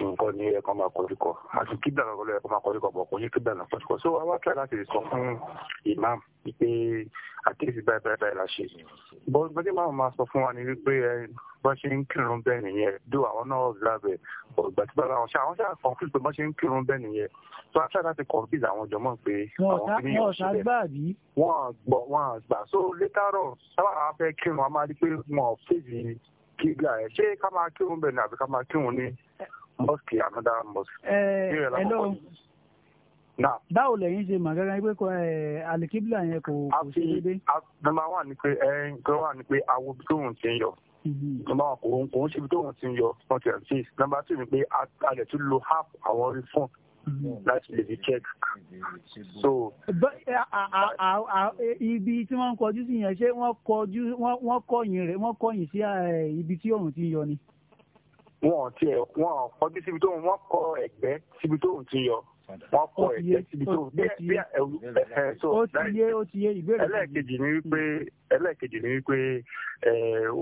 nǹkan ní ẹ̀kọ́ máa kọjú kọ àti kí dànù ọlọ́ ẹ̀kọ́ máa kọjú kọ bọ̀ kò ní kí dànù kọjú kọ so àwa tẹ̀ láti sọ fún imam wípé àkíyèsí báyìí báyìí báyìí la ṣe bọ́n gbọ́dọ̀ máa máa sọ fún wa ni wípé ẹ bá ṣe ń kírun bẹ́ẹ̀ nìyẹn dó àwọn náà gbàgbẹ́ ọ̀gbà tí bàbá àwọn ṣe àwọn ṣe àkọ́kí pé bá ṣe ń kírun bẹ́ẹ̀ nìyẹn so àṣà láti kọ̀ọ̀kí àwọn jọmọ́ pé àwọn kìíní yóò ṣe bẹ́ẹ̀ wọ́n gbọ́ wọ́n gbà so létárọ̀ sábà fẹ́ kírun a máa rí pé wọn ò fèjì kígbà ẹ̀ ṣé ká máa kírun bẹ́ẹ̀ ni àbí ká máa kírun ní mosque another mosque. Eh, hello báwo lẹ́yìn ṣe mọ̀ gẹ́gẹ́ pé kò eh, alikibla yẹn kò kò ṣe déédéé. number one ni pé eh, number one ni pé awo tóun ti ń yọ mm-hmm. number one kò kò ń ṣe ibi tóun ti ń yọ twenty and six number two ni pé a lè tún lo half àwọn orí fún mm-hmm. láti lè fi check. so. ibi tí wọ́n ń kọjú sí yẹn ṣé wọ́n kọjú wọ́n kọ̀yìn rẹ̀ wọ́n kọ̀yìn sí ibi tí òun ti ń yọ ni wọn ò tiẹ̀ wọn ò kọjú síbi tó wọn kọ ẹ̀gbẹ́ síbi tó ti yọ wọn kọ ẹ̀gbẹ́ síbi tó bí ẹ̀rù ẹ̀hẹ́ so ẹlẹ́ẹ̀kejì ni wípé ẹlẹ́ẹ̀kejì ni wípé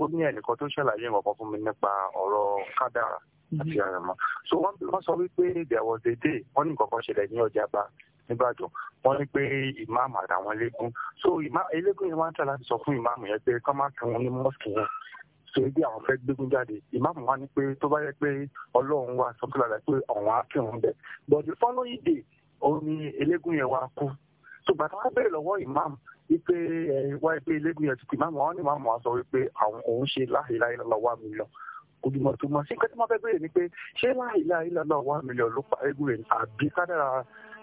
ó ní ẹnìkan tó ṣàlàyé nǹkan fún mi nípa ọ̀rọ̀ kádàrà àti mm-hmm. àrẹ̀mọ so wọ́n sọ wípé there was a day wọ́n ní nǹkan kan ṣẹlẹ̀ ní ọjà bá nìbàdàn wọn ní pé ìmáàmù àtàwọn eléégún so eléégún yẹn wá ń tà láti sọ fún ìmáàmù yẹn pé kọ́ máa kí wọn ní mọ́ọ̀sì yẹn ṣe bí àwọn fẹ́ gbégun jáde ìmáàmù wa ní pé tó bá yẹ pé ọlọ́run wa sọ fúlàlà pé àwọn á kí wọn bẹ but the following day òun ni eléégún yẹn wá kú so bàtà wá bẹ̀rẹ̀ lọ́wọ́ ìmáàmù wípé ẹ wá pé eléégún yẹn ti pè ìmáàmù wa ní ìmáàmù wa sọ wípé àwọn òun ṣe láhìláhìlá lọ́wọ́ mi lọ kójúmọ́ tó mọ́ sí nǹkan tí wọ́n fẹ́ béèrè ni pé ṣé láìlá ìlànà one million ló pa eégún rẹ̀ àbí kádàrà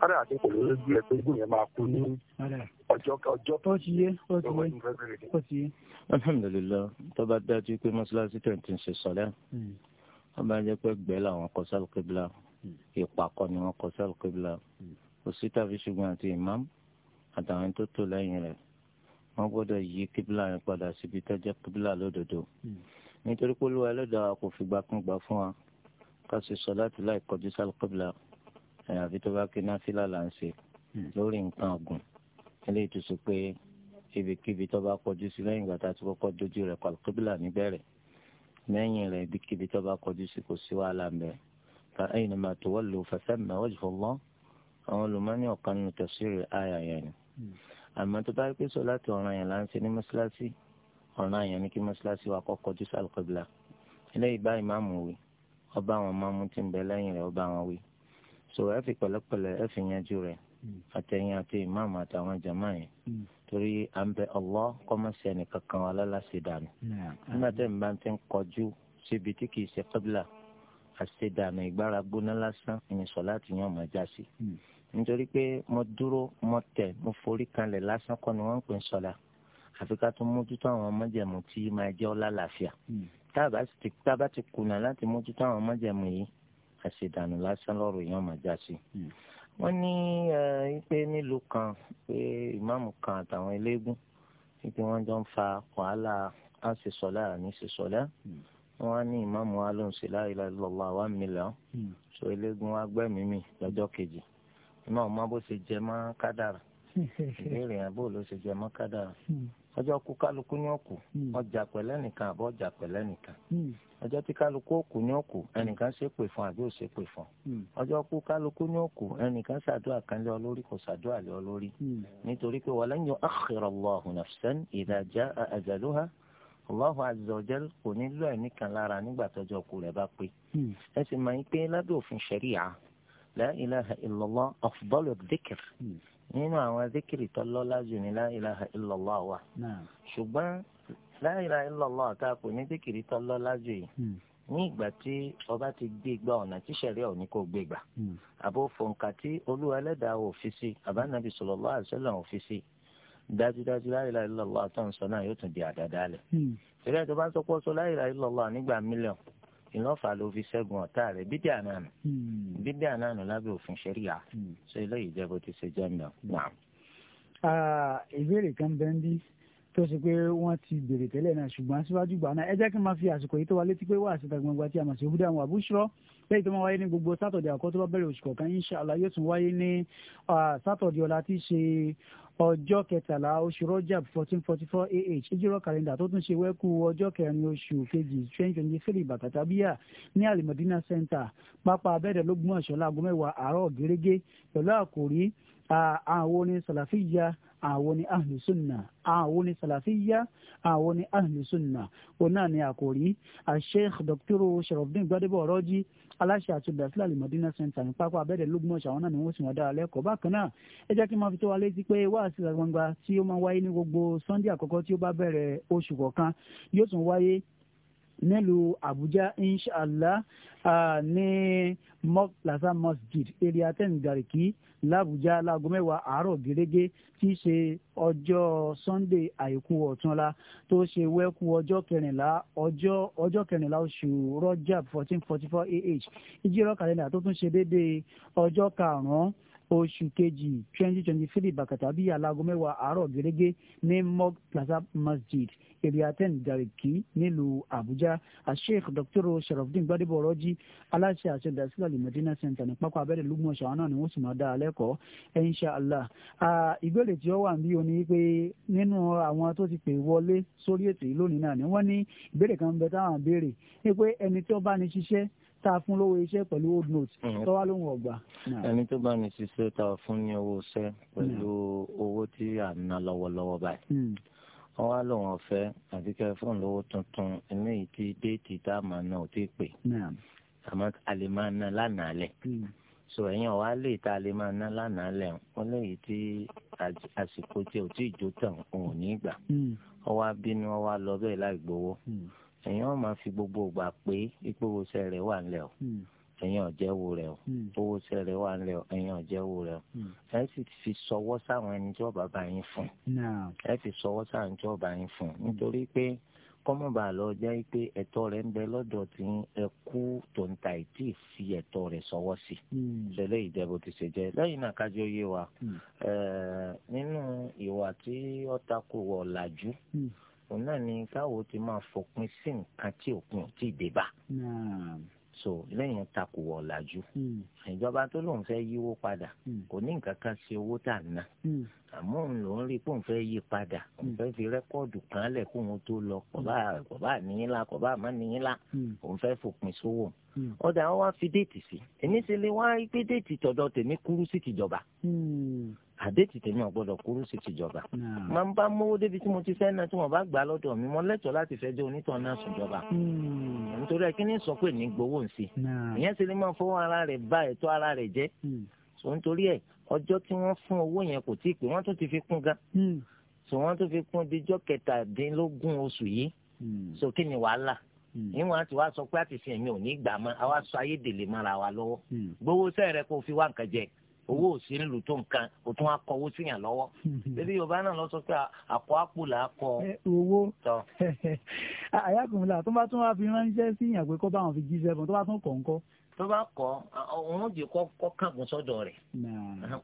kádàrà tí kò lóore gbé ẹ pé eégún yẹn máa kú ní ọjọ́ ọjọ́ tó ti yé ó ti yé ó ti yé. alhamdulilayi tó bá dájú pé mọ́ṣáláṣí tẹ̀ǹtì ń ṣe sọ́lá wọ́n hmm. bá jẹ́ pé gbẹ́ làwọn kọ sálùkébìlà hmm. ìpàkọ́ ni wọ́n kọ sálùkébìlà hmm. kò sí tàbí ṣùgbọ́n àti ìmáàmù àtàwọn tó tó lẹ́yìn rẹ̀ wọ́n gbọ́dọ̀ yí kébìlà yẹn padà síbi tó kébìlà lódodo nítorí pé olúwa ẹlẹ́dàá wa kò fìgbà kan gbà fún wa ká ṣe sọ láti láì kọjú sálùkọ́bìlà àyàfi tó bá kí náfìlà là ń ṣe hmm. lórí nǹkan ọ̀gùn eléyìí tó ṣe pé ibikíbi tó bá kọjú sí lẹ́yìn ìgbà tá a ti kọ́kọ́ dojú rẹ̀ kọ́bìlà níbẹ̀rẹ̀ lẹ́yìn rẹ̀ ibikíbi tó bá kọjú sí kò sí wàhálà ń bẹ fa ẹ̀yìn ma tó wọ́n lò fẹ́fẹ́ mẹ́ wọ́n jù lọ́ àwọn olùmọ́ni ọ̀kan nù tẹ̀síìrì ayà yẹn ni hmm. àmọ́ tó bá rí pé sọ láti ọ̀ràn yẹn là ń ṣe ní mọ́ṣáláṣí ọ̀ràn àyàn ní kí mọ́ṣáláṣí wa kọ́kọ́ jù sálùkọ́bìlà eléyìí bá ìmáàmù wí ọba àwọn máàmù tí ń bẹ lẹ́yìn rẹ̀ ọba àwọn wí so ẹ fi pẹ̀lẹ́pẹ̀lẹ́ ẹ fi yanjú rẹ̀ àtẹ̀yìn àti ìmáàmù àtàwọn jàmá yẹn torí à ń bẹ ọlọ́ kọ́mọ̀sí ẹnì kankan wa lọ́láṣẹ dànù nígbà tẹ́ ń bá ti ń kọjú síbi tí kì í ṣe kọ́bìlà àṣedànù ìgbára gbóná lásán ìyẹnsọ̀ láti yan ọmọ já sí nítorí pé mo dúró mo tẹ̀ mo forí kanlẹ̀ lásán kọ́ ni wọ́n ń pè ń sọ̀la àfi ká tún mójútó àwọn májẹ̀mú tí máa jẹ́ ọlá làáfíà hmm. tá a bá ti kùnà láti mójútó àwọn májẹ̀mú yìí àṣedànù lásán lọ́rọ̀ èèyàn máa já sí. Hmm. wọ́n ní pé nílùú kan pé ìmáàmù kan àtàwọn eléégún pé wọ́n jọ ń fa wàhálà á sì hmm. wọ́n á ní ìmáàmù wa ló ń ṣe la ilaha illallah wa mílíọ̀n so eléégún wa gbẹ́mìí mi lọ́jọ́ kejì náà má bó ṣe jẹ mọ́ kádàrà ìbéèrè yẹn bó ló ṣe jẹ mọ́ kádàrà ọjọ́ kú kálukú ní òkú hmm. ọjà pẹ̀lẹ́ nìkan àbọ̀ ọjà pẹ̀lẹ́ nìkan hmm. ọjọ́ tí kálukú òkú ní òkú ẹnìkan ṣépè fún àbí ò ṣépè fún hmm. ọjọ́ kú kálukú ní òkú ẹnìkan ṣàdúrà kan lé olórí kò ṣàdúrà lé olórí nítorí pé walan yu'akhkhira Allahu nafsan idha jaa ajaluha Allahu azza wa jal kò ní lọ ẹ̀mí lára nígbà tọ́jọ́ kú rẹ̀ bá pé ẹ nínú àwọn zikiri tọ́lọ́lá jù ní la ilaha illallah wa ṣùgbọ́n la ilaha illallah tá a kò ní zikiri tọ́lọ́lá jù yìí hmm. ní ìgbà tí ọba ti gbé gba ọ̀nà tí sẹ̀ríà ò ní kó gbé gbà hmm. àbò fòǹkà tí olúwa ẹlẹ́dàá ò fi sí àbánabi sallallahu alaihi wasallam ò fi sí dájúdájú la ilaha illallah àtọ̀nsọ náà yóò tún di àdádálẹ̀. sẹ̀ríà hmm ìlọ́fà ló fi ṣẹ́gun ọ̀tá rẹ̀ bídíà náà nù hmm. bídíà náà nù lábẹ́ òfin ṣẹ́ríà ṣe hmm. eléyìí jẹ́ bó ti ṣe jẹ́ mẹ́ọ̀ hmm. ah, ìbéèrè kan bẹ́ẹ̀ ń bí tó ṣe pé wọ́n ti bèrè tẹ́lẹ̀ náà ṣùgbọ́n síwájú gbà náà ẹ jẹ́ kí n máa fi àsìkò yìí tó wa létí pé wà síta gbangba tí a mọ̀ sí húdà àwọn àbúṣọ lẹ́yìn tó máa wáyé ní gbogbo sátọ̀dẹ̀ àkọ́ tó bá bẹ̀rẹ̀ oṣù kọ̀ọ̀kan inṣàlá yóò tún wáyé ní sátọ̀dẹ̀ ọ̀la tí í ṣe ọjọ́ kẹtàlá oṣù rọ́jàb fourteen forty four ah ìjírọ̀ kàlẹ́ndà tó tún ṣe wẹ́kú ọjọ́ kẹrin oṣù kejì twenty twenty ní alimọ̀dínà center pápá abẹ́rẹ́ lógún ọ̀ṣọ́ láago àárọ̀ gẹ́gẹ́ pẹ̀lú àkòrí àwọn orin sàlàfíà àwọn ni ahlu sunna àwọn ni salafiyya àwọn ni ahlu sunna òun ni àkòrí Sheikh Dr. Sharafdin Gbadebo Ọ̀rọ́jì aláṣẹ àti olùdásílẹ̀ alimọ̀dínà center ní pápá abẹ́rẹ́ lógúnmọ̀ṣà àwọn náà ni wọ́n sì wọ́n dára lẹ́kọ̀ọ́ bákan náà ẹ jẹ́ kí n máa fi tó wa létí pé wáàsí gbangba tí ó máa wáyé ní gbogbo sunday àkọ́kọ́ tí ó bá bẹ̀rẹ̀ oṣù kọ̀ọ̀kan yóò tún wáyé nílùú Àbújá inshallah ní plaza masjid area ten gariki làbújá láago mẹ́wàá àárọ̀ gẹ́gẹ́ tí í ṣe ọjọ́ sunday àìkú ọ̀túnla tó ṣe wẹ́kú ọjọ́ kẹrìnlá ọjọ́ ọjọ́ kẹrìnlá oṣù rọ́jà fourteen forty four ah ìjírọ̀ kàlẹ́ndà tó tún ṣe déédéé ọjọ́ karùn-ún oṣù kejì twenty twenty three bàkàtà bíi alago mẹ́wàá àárọ̀ gẹ́gẹ́ ní mog plaza masjid area ten gariki nílùú àbújá asheikh dr sharafdin gbadebo ọrọ́jì aláṣẹ àṣẹ ìdásílẹ̀ alimọ̀dínà center ní pápá abẹ́rẹ́ lùgbọ̀nsẹ̀ àwọn náà ni wọ́n sì máa dá a lẹ́kọ̀ọ́ inshallah ìgbélé tí ó wà níbí o ní pé nínú àwọn tó ti pè wọlé sórí ètò yìí náà ni wọ́n ní ìbéèrè kan bẹ táwọn béèrè ni pé ẹni tí bá ní ṣiṣẹ́ tá a fún lówó iṣẹ́ pẹ̀lú old note mm-hmm. tó wá lóhùn ọgbà. ẹni tó bá mi ṣiṣẹ́ tá a fún ní owó iṣẹ́ pẹ̀lú owó tí à ń ná lọ́wọ́lọ́wọ́ báyìí mm. wọ́n wá lòun ọ̀fẹ́ àti kẹ́ fún lówó tuntun eléyìí tí déètì tá a máa ná ò tí ì pè àmọ́ a lè máa ná lánàá lẹ̀ mm. so ẹ̀yin ọ̀wá lè ta lè máa ná lánàá lẹ̀ wọ́n léyìí tí àsìkò tí ò tí ì jó tàn òun ò ní gbà ọwọ́ mm. abínú ọwọ́ lọ bẹ́ẹ̀ láì gbowó èèyàn máa fi gbogbo ìgbà pé ipò owóṣẹ́ rẹ̀ wà ńlẹ̀ o èèyàn hmm. ọ̀jẹ́ wo rẹ̀ o hmm. owóṣẹ́ rẹ̀ wà ńlẹ̀ o èèyàn ọ̀jẹ́ wo rẹ̀ o hmm. ẹ sì fi sọwọ́ sáwọn ẹni tí ọba bá yín fún ẹ fi sọwọ́ sáwọn ẹni tí ọba yín fún nítorí pé kọ́mọ̀bà lọ jẹ́ pé ẹ̀tọ́ rẹ̀ ń bẹ lọ́dọ̀ tí ẹ kú tòǹtà ìtì fi ẹ̀tọ́ rẹ̀ sọwọ́ sí lẹ́lẹ́ ìjẹ́bù ti ṣe jẹ́ lẹ́yìn náà kájọ yé wa nínú ìwà tí ó takò wọ̀ làjú òun náà ni káwọ́ ti máa fòpin sí nǹkan tí òpin ò tí ì dé bá so lẹ́yìn takò ọ̀làjú hmm. ìjọba tó lóun fẹ́ yíwó padà hmm. kò ní nǹkan kan ṣe owó tà ná hmm. àmọ́ òun lòún rí pé òun fẹ́ yí padà òun fẹ́ fi rẹ́kọ́ọ̀dù kan lẹ̀ kó òun tó lọ kọ̀bá kọ̀bá níyìnlá kọ̀bá má níyìnlá òun fẹ́ fòpin sówó ọ̀dà wa fi déètì sí èmi sì lè wá pé déètì tọ̀dọ̀ tèmi kúrú sí tìjọba àdéhìí tèmi ò gbọ́dọ̀ kúrú sí tìjọba máa ń bá mówó débi tí mo ti fẹ́ náà tí wọ́n bá gbà lọ́dọ̀ mi mo lẹ́tọ̀ọ́ láti fẹ́ jẹ́ onítàn náà sùnjọba hmm. nítorí ẹ kí ni sọ pé ní gbowó ń sí ìyẹn sì ni máa fọwọ́ ara rẹ̀ bá ẹ̀tọ́ ara rẹ̀ jẹ́ hmm. so nítorí ẹ ọjọ́ tí wọ́n fún owó yẹn kò tíì pé wọ́n tún ti fi kún gan hmm. so wọ́n tún fi kún díjọ́ kẹtàdínlógún oṣù yìí so kí ni wàhálà níwọ̀n àti wá sọ pé àti fi ẹ̀mí ò ní gbà mọ́ àwa sọ ayédèlé mọ́ra wa lọ́wọ́ gbowó sẹ́ẹ̀rẹ́ kó fi wá nǹkan jẹ owó òsì ń lù tó nǹkan kò tún akọ owó síyàn lọ́wọ́ bébí yorùbá náà lọ sọ pé àkọ àpò là á kọ. owó àyàkùnrin là tó bá tún wá fi ránṣẹ́ síyàn pé kó bá wọn fi jí sẹ́fọn tó bá tún kọ̀ ńkọ́ tó bá kọ òun jẹ kọ kàgùn sọ́dọ̀ rẹ̀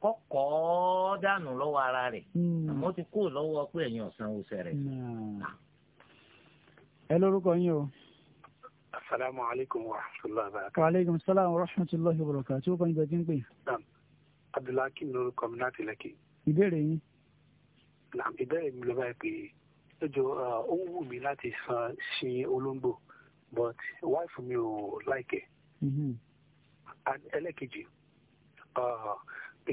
kọ kọ dànù lọ́wọ́ ara rẹ̀ hmm. àmọ́ ti kó lọ́wọ́ pé ẹ̀yin ọsàn oṣù rẹ̀. ẹ lórúkọ yín o. asalaamualeykum wa rahmatulahi wa barakatu. wa aleykum salaam wa rahmatulahi wa barakatu. tí o kàn abdullahi lórúkọ mi láti lẹ́kì. ìbéèrè yín. làm ìbéèrè mi ló bá pè é lójó ó ń wù mí láti san sin olóńgbò but wife mi ò like it. Mm-hmm. ẹlẹ́kejì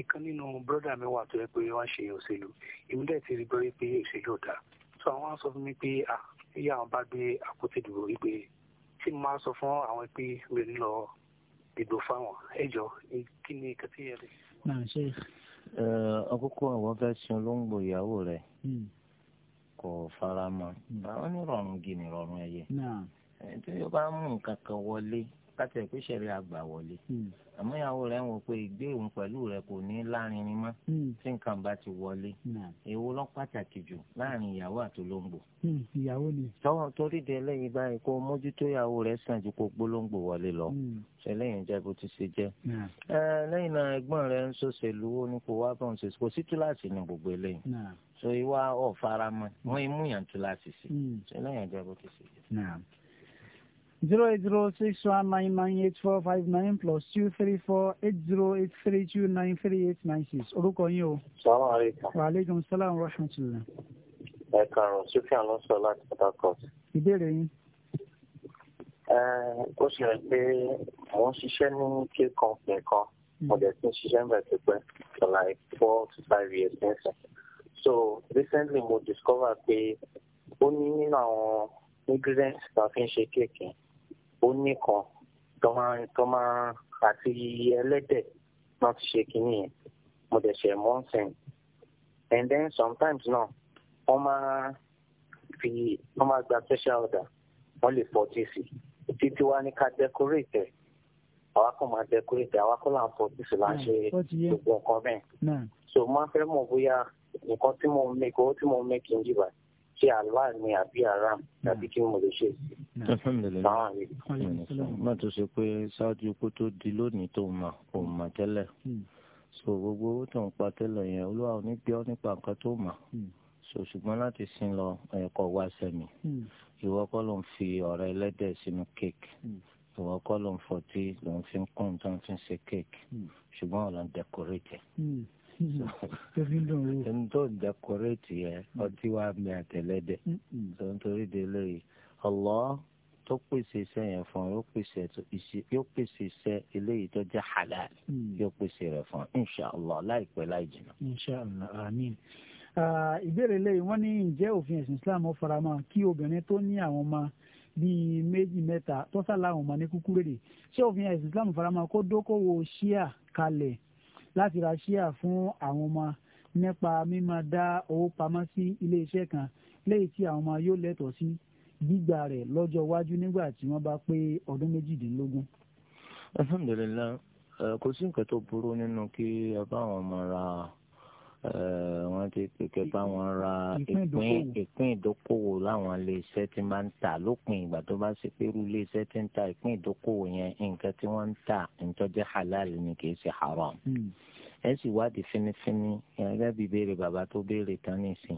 ìkan nínú bírọ́dà mi wà tó yẹ pé wọ́n ṣe òṣèlú ìmúdẹ̀ ti rí bẹ́rẹ̀ pé òṣèlú ò dáa so àwọn sọ fún mi pé ìyá àwọn bá gbé àpótí ìdìbò wípé tí mo máa sọ fún àwọn pé mi ò ní lọ dìbò fáwọn ẹjọ́ kí ni kẹtí yẹn lè ọkọ̀kọ̀ eh, àwọn fẹ́ sin olóńgbò ìyàwó rẹ̀ hmm. kò fara mọ́ àwọn hmm. onírọ̀rùn gini rọ̀rùn ẹ̀yẹ tí yóò bá mú nǹkan kan wọlé kátà ìpè sẹ̀rí àgbà wọlé hmm. àmọ́ ìyàwó rẹ̀ ń wò pé ìgbé òun pẹ̀lú rẹ̀ kò ní lárinrin mọ́ hmm. tí nǹkan bá ti wọlé hmm. èwo ló pàtàkì jù láàrin ìyàwó àtolóńgbò. ìyàwó ni. tọ́wọ́ torí de eléyìí báyìí kó mójútó ìyàwó rẹ̀ sàn ju kó gbólóńgbò wọlé lọ ṣẹlẹ́yìn jẹ́ bó ti ṣe jẹ́. lẹ́yìn náà ẹ̀gbọ́n rẹ̀ ń ṣòṣèlú ó ní kó wá bọ̀ ń ṣe kò sí túláàsì ní gbogbo eléyìí so ìwà ọ̀faramọ́ wọn imú yàn túláàsì sí ṣẹlẹ́yìn jẹ́ bó ti ṣe jẹ́ zero eight zero six one nine nine eight four five nine plus two three four eight zero eight three two nine three eight nine six orúkọ yín o. salaamaleykum. waaleykum salaam wa rahmatulah. ẹ kàrún sókè alonso láti Port Harcourt. ìbéèrè yín. ó ṣẹlẹ̀ pé mo ń ṣiṣẹ́ ní k company kan hmm. mo dẹ̀ ti ń ṣiṣẹ́ ń bẹ̀rẹ̀ pẹ́ for like four to five years nísìn. so recently mo discover pé ó ní nínú àwọn ingredients tá a fi ń ṣe kéèkì ó ní kan tó máa ń tó máa ń àti ẹlẹ́dẹ̀ náà ti ṣe kínní yẹn mo dẹ̀ ṣe mọ́ sẹ́yìn and then sometimes náà wọ́n máa fi wọ́n máa gba special order wọ́n lè fọ́tí sí títí wá ní ká decorate ẹ̀ àwa kò máa decorate àwa kò láǹ fọ́tí sí là ń ṣe ah, gbogbo nǹkan bẹ́ẹ̀ so máa fẹ́ mọ̀ bóyá nǹkan tí mo make owó tí mo make ń jìbà ṣé àlá ni àbí aram tàbí kí mo lè ṣe. alhamdulilayi má tó ṣe pé ṣáájú kó tó di lónìí tó mà kò mà tẹ́lẹ̀ hmm. so gbogbo owó tó ń pa tẹ́lẹ̀ yẹn olúwa ò ní bí ọ́ nípa nǹkan tó mà hmm. so ṣùgbọ́n láti sin lọ ẹ̀kọ́ wá sẹ́mi hmm. ìwọ kọ́ ló ń fi ọ̀rọ̀ ẹlẹ́dẹ̀ sínú kéèkì ìwọ kọ́ ló ń fọtí ló ń fi kún tó ń fi ṣe kéèkì ṣùgbọ́n ọ̀la ń dẹkọrétẹ̀. ẹni tó dẹkọrẹ́tì ẹ mm. ọtí wa mi àtẹlẹdẹ tó ń torí délé yìí ọlọ́ tó pèsè iṣẹ́ yẹn fún ọ yóò pèsè iṣẹ́ eléyìí tó jẹ́ halal mm. yóò pèsè rẹ̀ fún ọ inshàlá láìpẹ́ láì jìnnà. inshàlá amiin ìbéèrè lẹ́yìn wọ́n ní ǹjẹ́ òfin ẹ̀sìn Islam fara mọ́ kí obìnrin tó ní àwọn ọmọ bíi méjì mẹ́ta tó sálà àwọn ọmọ ní kúkúrèdè ṣé òfin ẹ̀sìn Islam fara mọ́ kó dókòwò ṣíà kalẹ̀ láti ra ṣíà fún àwọn ọmọ nípa mímọ dá owó pamọ́ sí iléeṣẹ́ kan léyìí tí àwọn ọmọ yóò lẹ́tọ̀ọ́ sí gbígbà rẹ̀ lọ́jọ́ iwájú nígbà tí wọ́n bá pé ọdún méjìdínlógún. alhamdulilayi kò sí nǹkan tó burú nínú kí ẹ bá àwọn ọmọ ra Eh, wọ́n ti kékeré bá wọn ra ìpín ìpín ìdókòwò láwọn iléeṣẹ́ tí máa ń tà lópin ìgbà tó bá ṣe pé irú iléeṣẹ́ tí ń ta ìpín ìdókòwò yẹn nǹkan tí wọ́n ń tà ntọ́jẹ́ halal ni kì ṣe haram. Hmm. ẹ sì wádìí fínífíní gẹ́gẹ́ bí béèrè bàbá tó béèrè tán nìsín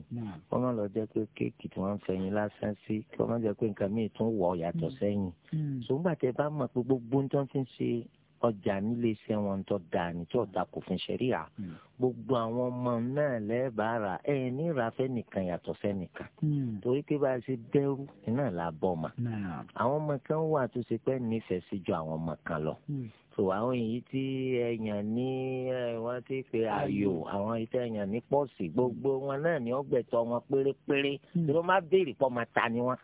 wọ́n hmm. má lọ jẹ́ pé kéèkì tí wọ́n ń fẹ̀yìn lásán sí kí wọ́n má jẹ́ pé nǹkan míì tún wọ̀ yàtọ̀ hmm. sẹ́yìn. sòǹgbà ọjà nílé iṣẹ́ wọn tó dáa ní tí ọ̀dà kò fún ṣẹ̀ríà hmm. gbogbo àwọn ọmọ náà lẹ́ẹ̀bàá rà ẹ ní ìràfẹ́ nìkan yàtọ̀ sẹ́nìkan hmm. torí pé bá a ṣe dẹ́rù iná là bọ̀ mà àwọn ọmọ kan wà tó ṣe pé nífẹ̀ẹ́ sí ju àwọn ọmọ kan lọ hmm. so àwọn èyí tí ẹ̀yàn ní wọ́n ti pe ayò àwọn èyí tí ẹ̀yàn ní pọ́ọ̀sì gbogbo wọn náà ní ọgbẹ̀tọ̀ wọn pérépéré tí wọ́n má béèrè pọ́ ni wọn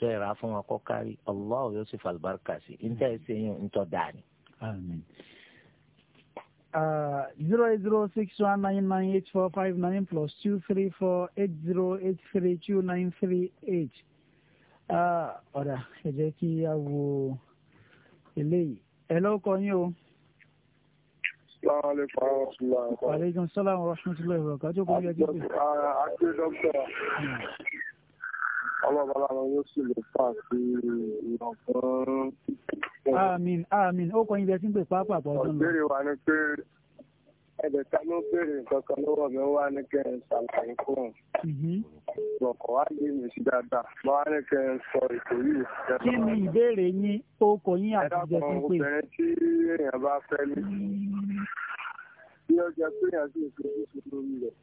sọ ìrà fún wọn kọ́ kárí Allah yóò sì fàlùbáríkà sí i níta ẹ̀ sẹ́yìn ńtọ́ dáa ni. Uh, zero eight zero six one nine nine eight four five nine plus two three four eight zero eight three two nine three eight. Uh, ọ̀dà ẹ jẹ́ kí a wo eléyìí. ẹ lọ́kọ yín o. Salaamaleykum wa rahmatullahi wa barakatuh. Aleykum salaam uh, dọ́kítà. Hmm ọlọ́ọ̀bá làwọn yóò sì lè fà sí ìrọ̀ fún. pápá pọ̀ ọdún lọ. ìbéèrè wa ni pé ẹ̀bẹ̀ ká ló béèrè nǹkan lọ́wọ́ mi wá ní kẹ́ ẹ̀ ṣàlàyé fún un. Mhm. ọkọ̀ wa lè mi sí dáadáa mo wá ní kẹ́ ẹ̀ sọ ètò yìí. kí ni ìbéèrè yín ó kọ yín àtijọ́ sí pé. obìnrin tí èèyàn bá fẹ́ ní. bí ọjà pé èèyàn sì ń fi ojú sí lórí rẹ̀.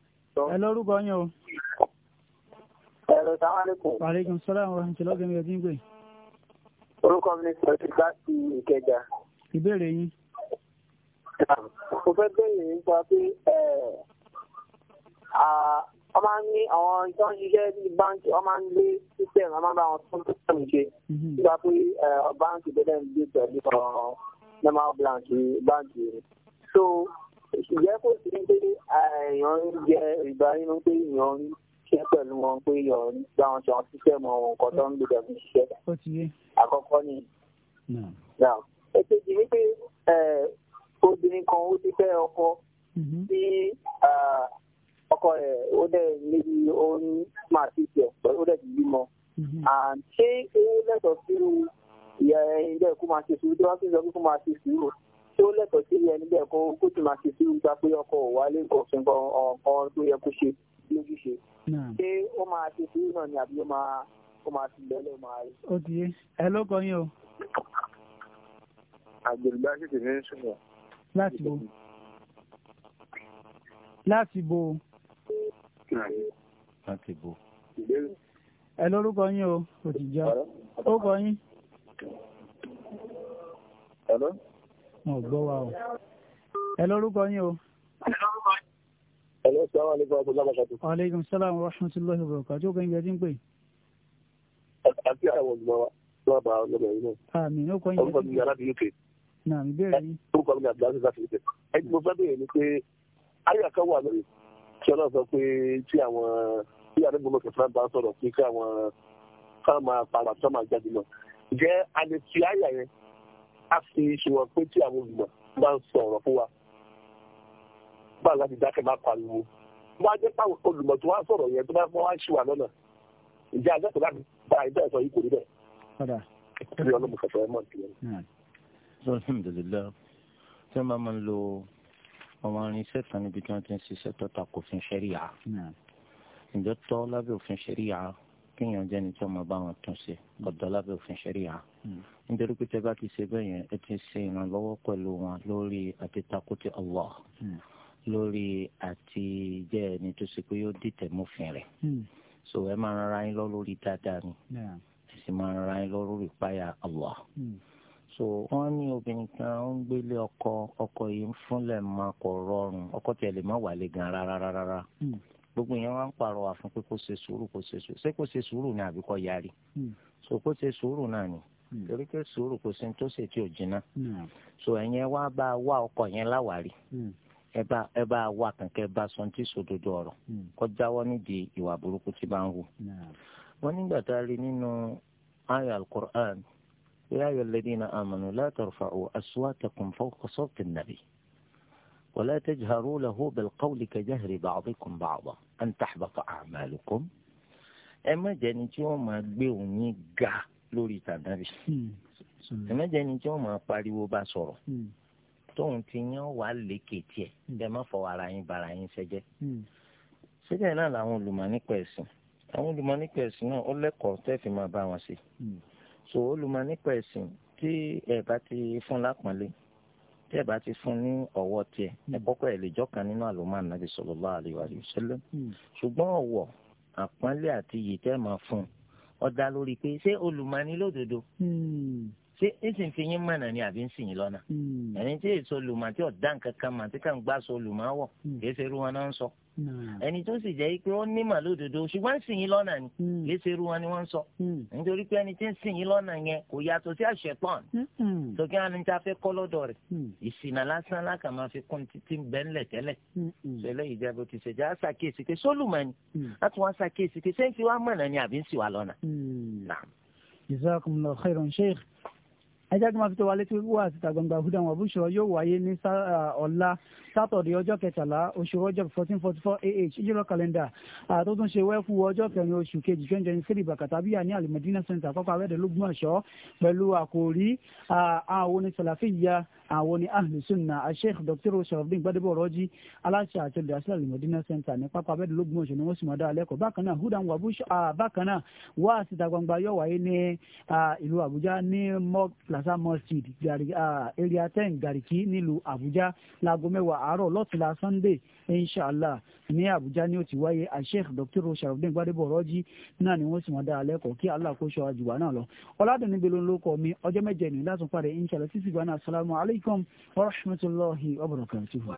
ẹ lórúkọ yín o. Ẹ̀rọ sáwálẹ́kùn. Wàlẹ́kùn sọ́lá àwọn ọ̀rọ̀ ọ̀gbìn ẹ̀dín gbé. Orúkọ mi ni Sọ̀tì láti Ìkẹjà. Ìbéèrè yín. Mo fẹ́ bẹ̀rẹ̀ nípa pé wọ́n máa ń ní àwọn ìtọ́ ṣiṣẹ́ ní báńkì wọ́n máa ń lé sísẹ̀ wọ́n máa ń bá wọn tún sísẹ̀ mi ṣe. Mhm. Nígbà pé báńkì gbẹ́dẹ̀ ń gbé pẹ̀lú normal báńkì báńkì. So ìjẹ́ kò sí pé èèyàn ń jẹ ìgbà nínú pé èèyàn ń ṣe pẹ̀lú wọn pé ọ̀rọ̀ nígbà wọn ṣe wọn ṣiṣẹ́ mọ ohun kan tó ń gbé dàbí ṣiṣẹ́ àkọ́kọ́ ni. èkejì wípé obìnrin kan ó ti fẹ́ ọkọ mm-hmm. tí ọkọ rẹ̀ ó dẹ̀ níbi òun máa ti tiẹ̀ pẹ̀lú ó dẹ̀ ti bímọ. Mm-hmm. ṣé owó lẹ́tọ̀ọ́ sírú ìyá ẹyin bẹ́ẹ̀ kó máa ṣe sùúrù tí wọ́n sì sọ pé kó máa ṣe sùúrù tí ó lẹ́tọ̀ọ́ sí ẹni bẹ́ẹ̀ kó kó sì máa ṣe sùúrù gbà pé ọkọ ò wálé nǹkan ọ̀sìn kan tó yẹ kó ṣe ṣé ó máa ṣe sí náà ni àbí ó máa ó máa ti lọ́lẹ̀ ó máa rí. ó ti yé ẹ ló kọ yín o. àgbèrègbè àṣìṣe ní ṣùgbọ́n. láti bo láti bo. láti bo. ẹ lórúkọ yín o òtìjọ ó kọ yín. ẹ lọ. wọn ò gbọ́ wa o. ẹ lórúkọ yín o. ẹ lórúkọ yín. Ẹ̀lọ́ sọ́wọ́ alẹ́kọ̀ọ́ ọkùnrin lábàṣàtò. Aleykum salaam wa rahmatulahi wa barakatuh. Ọjọ́ gbẹ̀ngẹ̀ dín pé. Àti àwọn olùmọ̀ wa lọ́wọ́ bá ọlọ́mọ yìí náà. Àmì ní ó kọ́ yín. Orúkọ mi ni Alábi UK. Nà mí bẹ́ẹ̀ ni. Orúkọ mi ni Abdulaziz láti UK. Ẹ ti mo fẹ́ bẹ̀rẹ̀ ni pé ayé kan wà lórí tí ọlọ́run sọ pé tí àwọn tí àdégbòmọ̀ kẹfà bá sọ̀rọ̀ pé kí àwọn fáwọn máa para tí wọ́n máa jáde náà. Ǹjẹ́ a lè fi ayé yẹn a fi ṣe wọ́n pé tí àwọn olùmọ̀ bá ń sọ̀rọ̀ fún wa gbà láti dákẹ́ máa pariwo wọ́n á jẹ́ táwọn olùmọ̀ tó wá sọ̀rọ̀ yẹn tó bá wọ́n á ṣì wà lọ́nà ìjà àjẹsọ̀ láti bá ìbẹ́ sọ yìí kò rí bẹ́ẹ̀. kí ọlọ́mọ kẹfẹ́ ẹ mọ̀ nìyẹn. Hmm. alhamdulilayi tí wọ́n bá máa ń lo ọmọ irinṣẹ́ kan níbi tí wọ́n ti ń ṣiṣẹ́ tó ta kò fin ṣẹ́ríà ìjọ hmm. tọ́ lábẹ́ òfin ṣẹ́ríà kéèyàn jẹ́ni tí ọmọ bá wọn tún ṣe ọ̀dọ́ hmm. lábẹ́ òfin ṣẹ́ríà nítorí pé tẹ́ bá ti ṣe bẹ́ẹ̀ yẹn ẹ ti ṣe ìrànlọ́wọ́ pẹ̀lú wọn lórí àti takò ti Allah lórí àti jẹ́ ẹni tó ṣe pé yóò dìtẹ̀ mọ́fin rẹ̀ hmm. so ẹ máa rárá yín lọ lórí dáadáa ni ẹ sì máa rárá yín lọ lórí ìpáyà Allah hmm. so wọ́n ní obìnrin kan ń gbélé ọkọ ọkọ yìí ń fúnlẹ̀ máa kọ̀ rọrùn ọkọ tiẹ̀ lè má wàlé gan rárá rárá hmm. gbogbo yẹn wá ń pàrọwà fún pé kó ṣe sùúrù kó ṣe sùúrù ṣé kó ṣe sùúrù ni àbí kó yarí so kó ṣe sùúrù náà ni torí pé sùúrù kò sí ní tó ṣe tí ò jiná so ẹ̀yin wá bá wá ọkọ yẹn láwàárí ẹ bá ẹ bá wà kankan ẹ bá sọ ní sòdodo ọ̀rọ̀ kọjá wọn nídìí ìwà burúkú tí bá ń wù. wọn nígbà tá a rí nínú ayé alukur'an ya ayyuhal ladina amanu la tarfa'u aswatakum fawqa sawti nabi wọlé hó kẹjẹ wala tajharu lahu bil qawli kajahri ba'dikum ba'dan an tahbata a'malukum. ẹ má jẹ́ ni tí wọn máa gbé òun ní ga lórí tànàbí ẹ má je ni tí wọn máa pariwo bá sọ̀rọ̀. tóun ti yán wà lékè tiẹ̀ ǹdẹ má fọwọ́ ara yín bara yín ṣẹjẹ́ síbẹ̀ hmm. náà làwọn olùmọ̀ nípa ẹ̀sìn àwọn olùmọ̀ nípa ẹ̀sìn náà ó lẹ́kọ̀ọ́ tẹ́ fi máa bá wọn ṣe hmm. so olùmọ̀ nípa ẹ̀sìn tí ẹ bá ti fún lápọ́nlé tí ẹ bá ti fún ní ọ̀wọ̀ tiẹ̀ ẹ hmm. kọ́kọ́ ẹ̀ lè jọ́kan nínú àlùmọ́ ànábì sallallahu alaihi wa sallam ṣùgbọ́n ọ̀wọ̀ àpọ́nlé àti yìí tẹ́ máa fún ọ dá lórí pé ṣé olùmọ̀ lódodo ṣé ẹsìn fi yín mọ̀nà ni àbí ń sìn yín lọ́nà hmm. ẹni tí èso lùmọ̀ tí ọ̀dà nǹkan kan mà tí kàn gbà so lùmọ̀ wọ̀ hmm. kì í ṣe irú wọn náà ń sọ hmm. ẹni tó sì jẹ́ pé ó nímọ̀ lódodo ṣùgbọ́n sìn yín lọ́nà ni kì í irú wọn ni wọ́n ń sọ nítorí pé ẹni tí ń sìn yín lọ́nà yẹn kò yàtọ̀ sí àṣepọ̀n tókí wọn ni tá a fẹ́ kọ́ lọ́dọ̀ rẹ̀ ìsìnà lásán lákà máa fi kún títí bẹ́ńlẹ̀ tẹ́lẹ̀ ṣẹlẹ̀ ìjẹ́bù ti ṣèjà á ṣàkíyèsí pé sólùmọ̀ ni láti wọn ṣàkíyèsí pé ṣé ń fi wá mọ̀nà ni àbí ń sì ẹ jẹ́ kí n máa fi tó wa létí wíwá àti ìta gbangba húdà àbúṣọ yóò wáyé ní ọ̀la sátọ̀dẹ̀ ọjọ́ kẹtàlá oṣù rọ́jọ́ fourteen forty four AH ìjírọ̀ kàlẹ́ndà tó tún ṣe wẹ́fù ọjọ́ kẹrin oṣù kejì twenty twenty three bàkàtàbíyà ní alimọ̀dínà center àkọ́kọ́ awẹ́dẹ̀ lógúnmọ̀ṣọ́ pẹ̀lú àkòrí àwọn ni sàlàfíyà àwọn ni ahlùsùnà asheikh dr sharafdin gbadebo ọrọ́jì aláṣẹ àti olùdásílẹ̀ alimọ̀dínà center ní pápá awẹ́dẹ̀ lógúnmọ̀ṣọ́ ni wọ́n sì mọ̀ dá alẹ́kọ̀ọ́ bákan náà hudan wabush bákan náà wá síta gbangba yóò wáyé ní ìlú àbújá ní plaza mosque area ten gariki nílùú àbújá láago àárọ̀ lọ́tìlá sunday inshallah ní àbújá ni ó ti wáyé asheikh dr sharafdin gbadebo rọjí náà ni wọ́n sì wọ́n dá a lẹ́kọ̀ọ́ kí allah kó ṣọ àjùwà náà lọ ọ̀làdùnní belo ló kọ́ mi ọjọ́ mẹ́jẹ ni láti parí inshallah títí gbaná asalaamu alaykum wa rahmatulahi wa barakatuhu.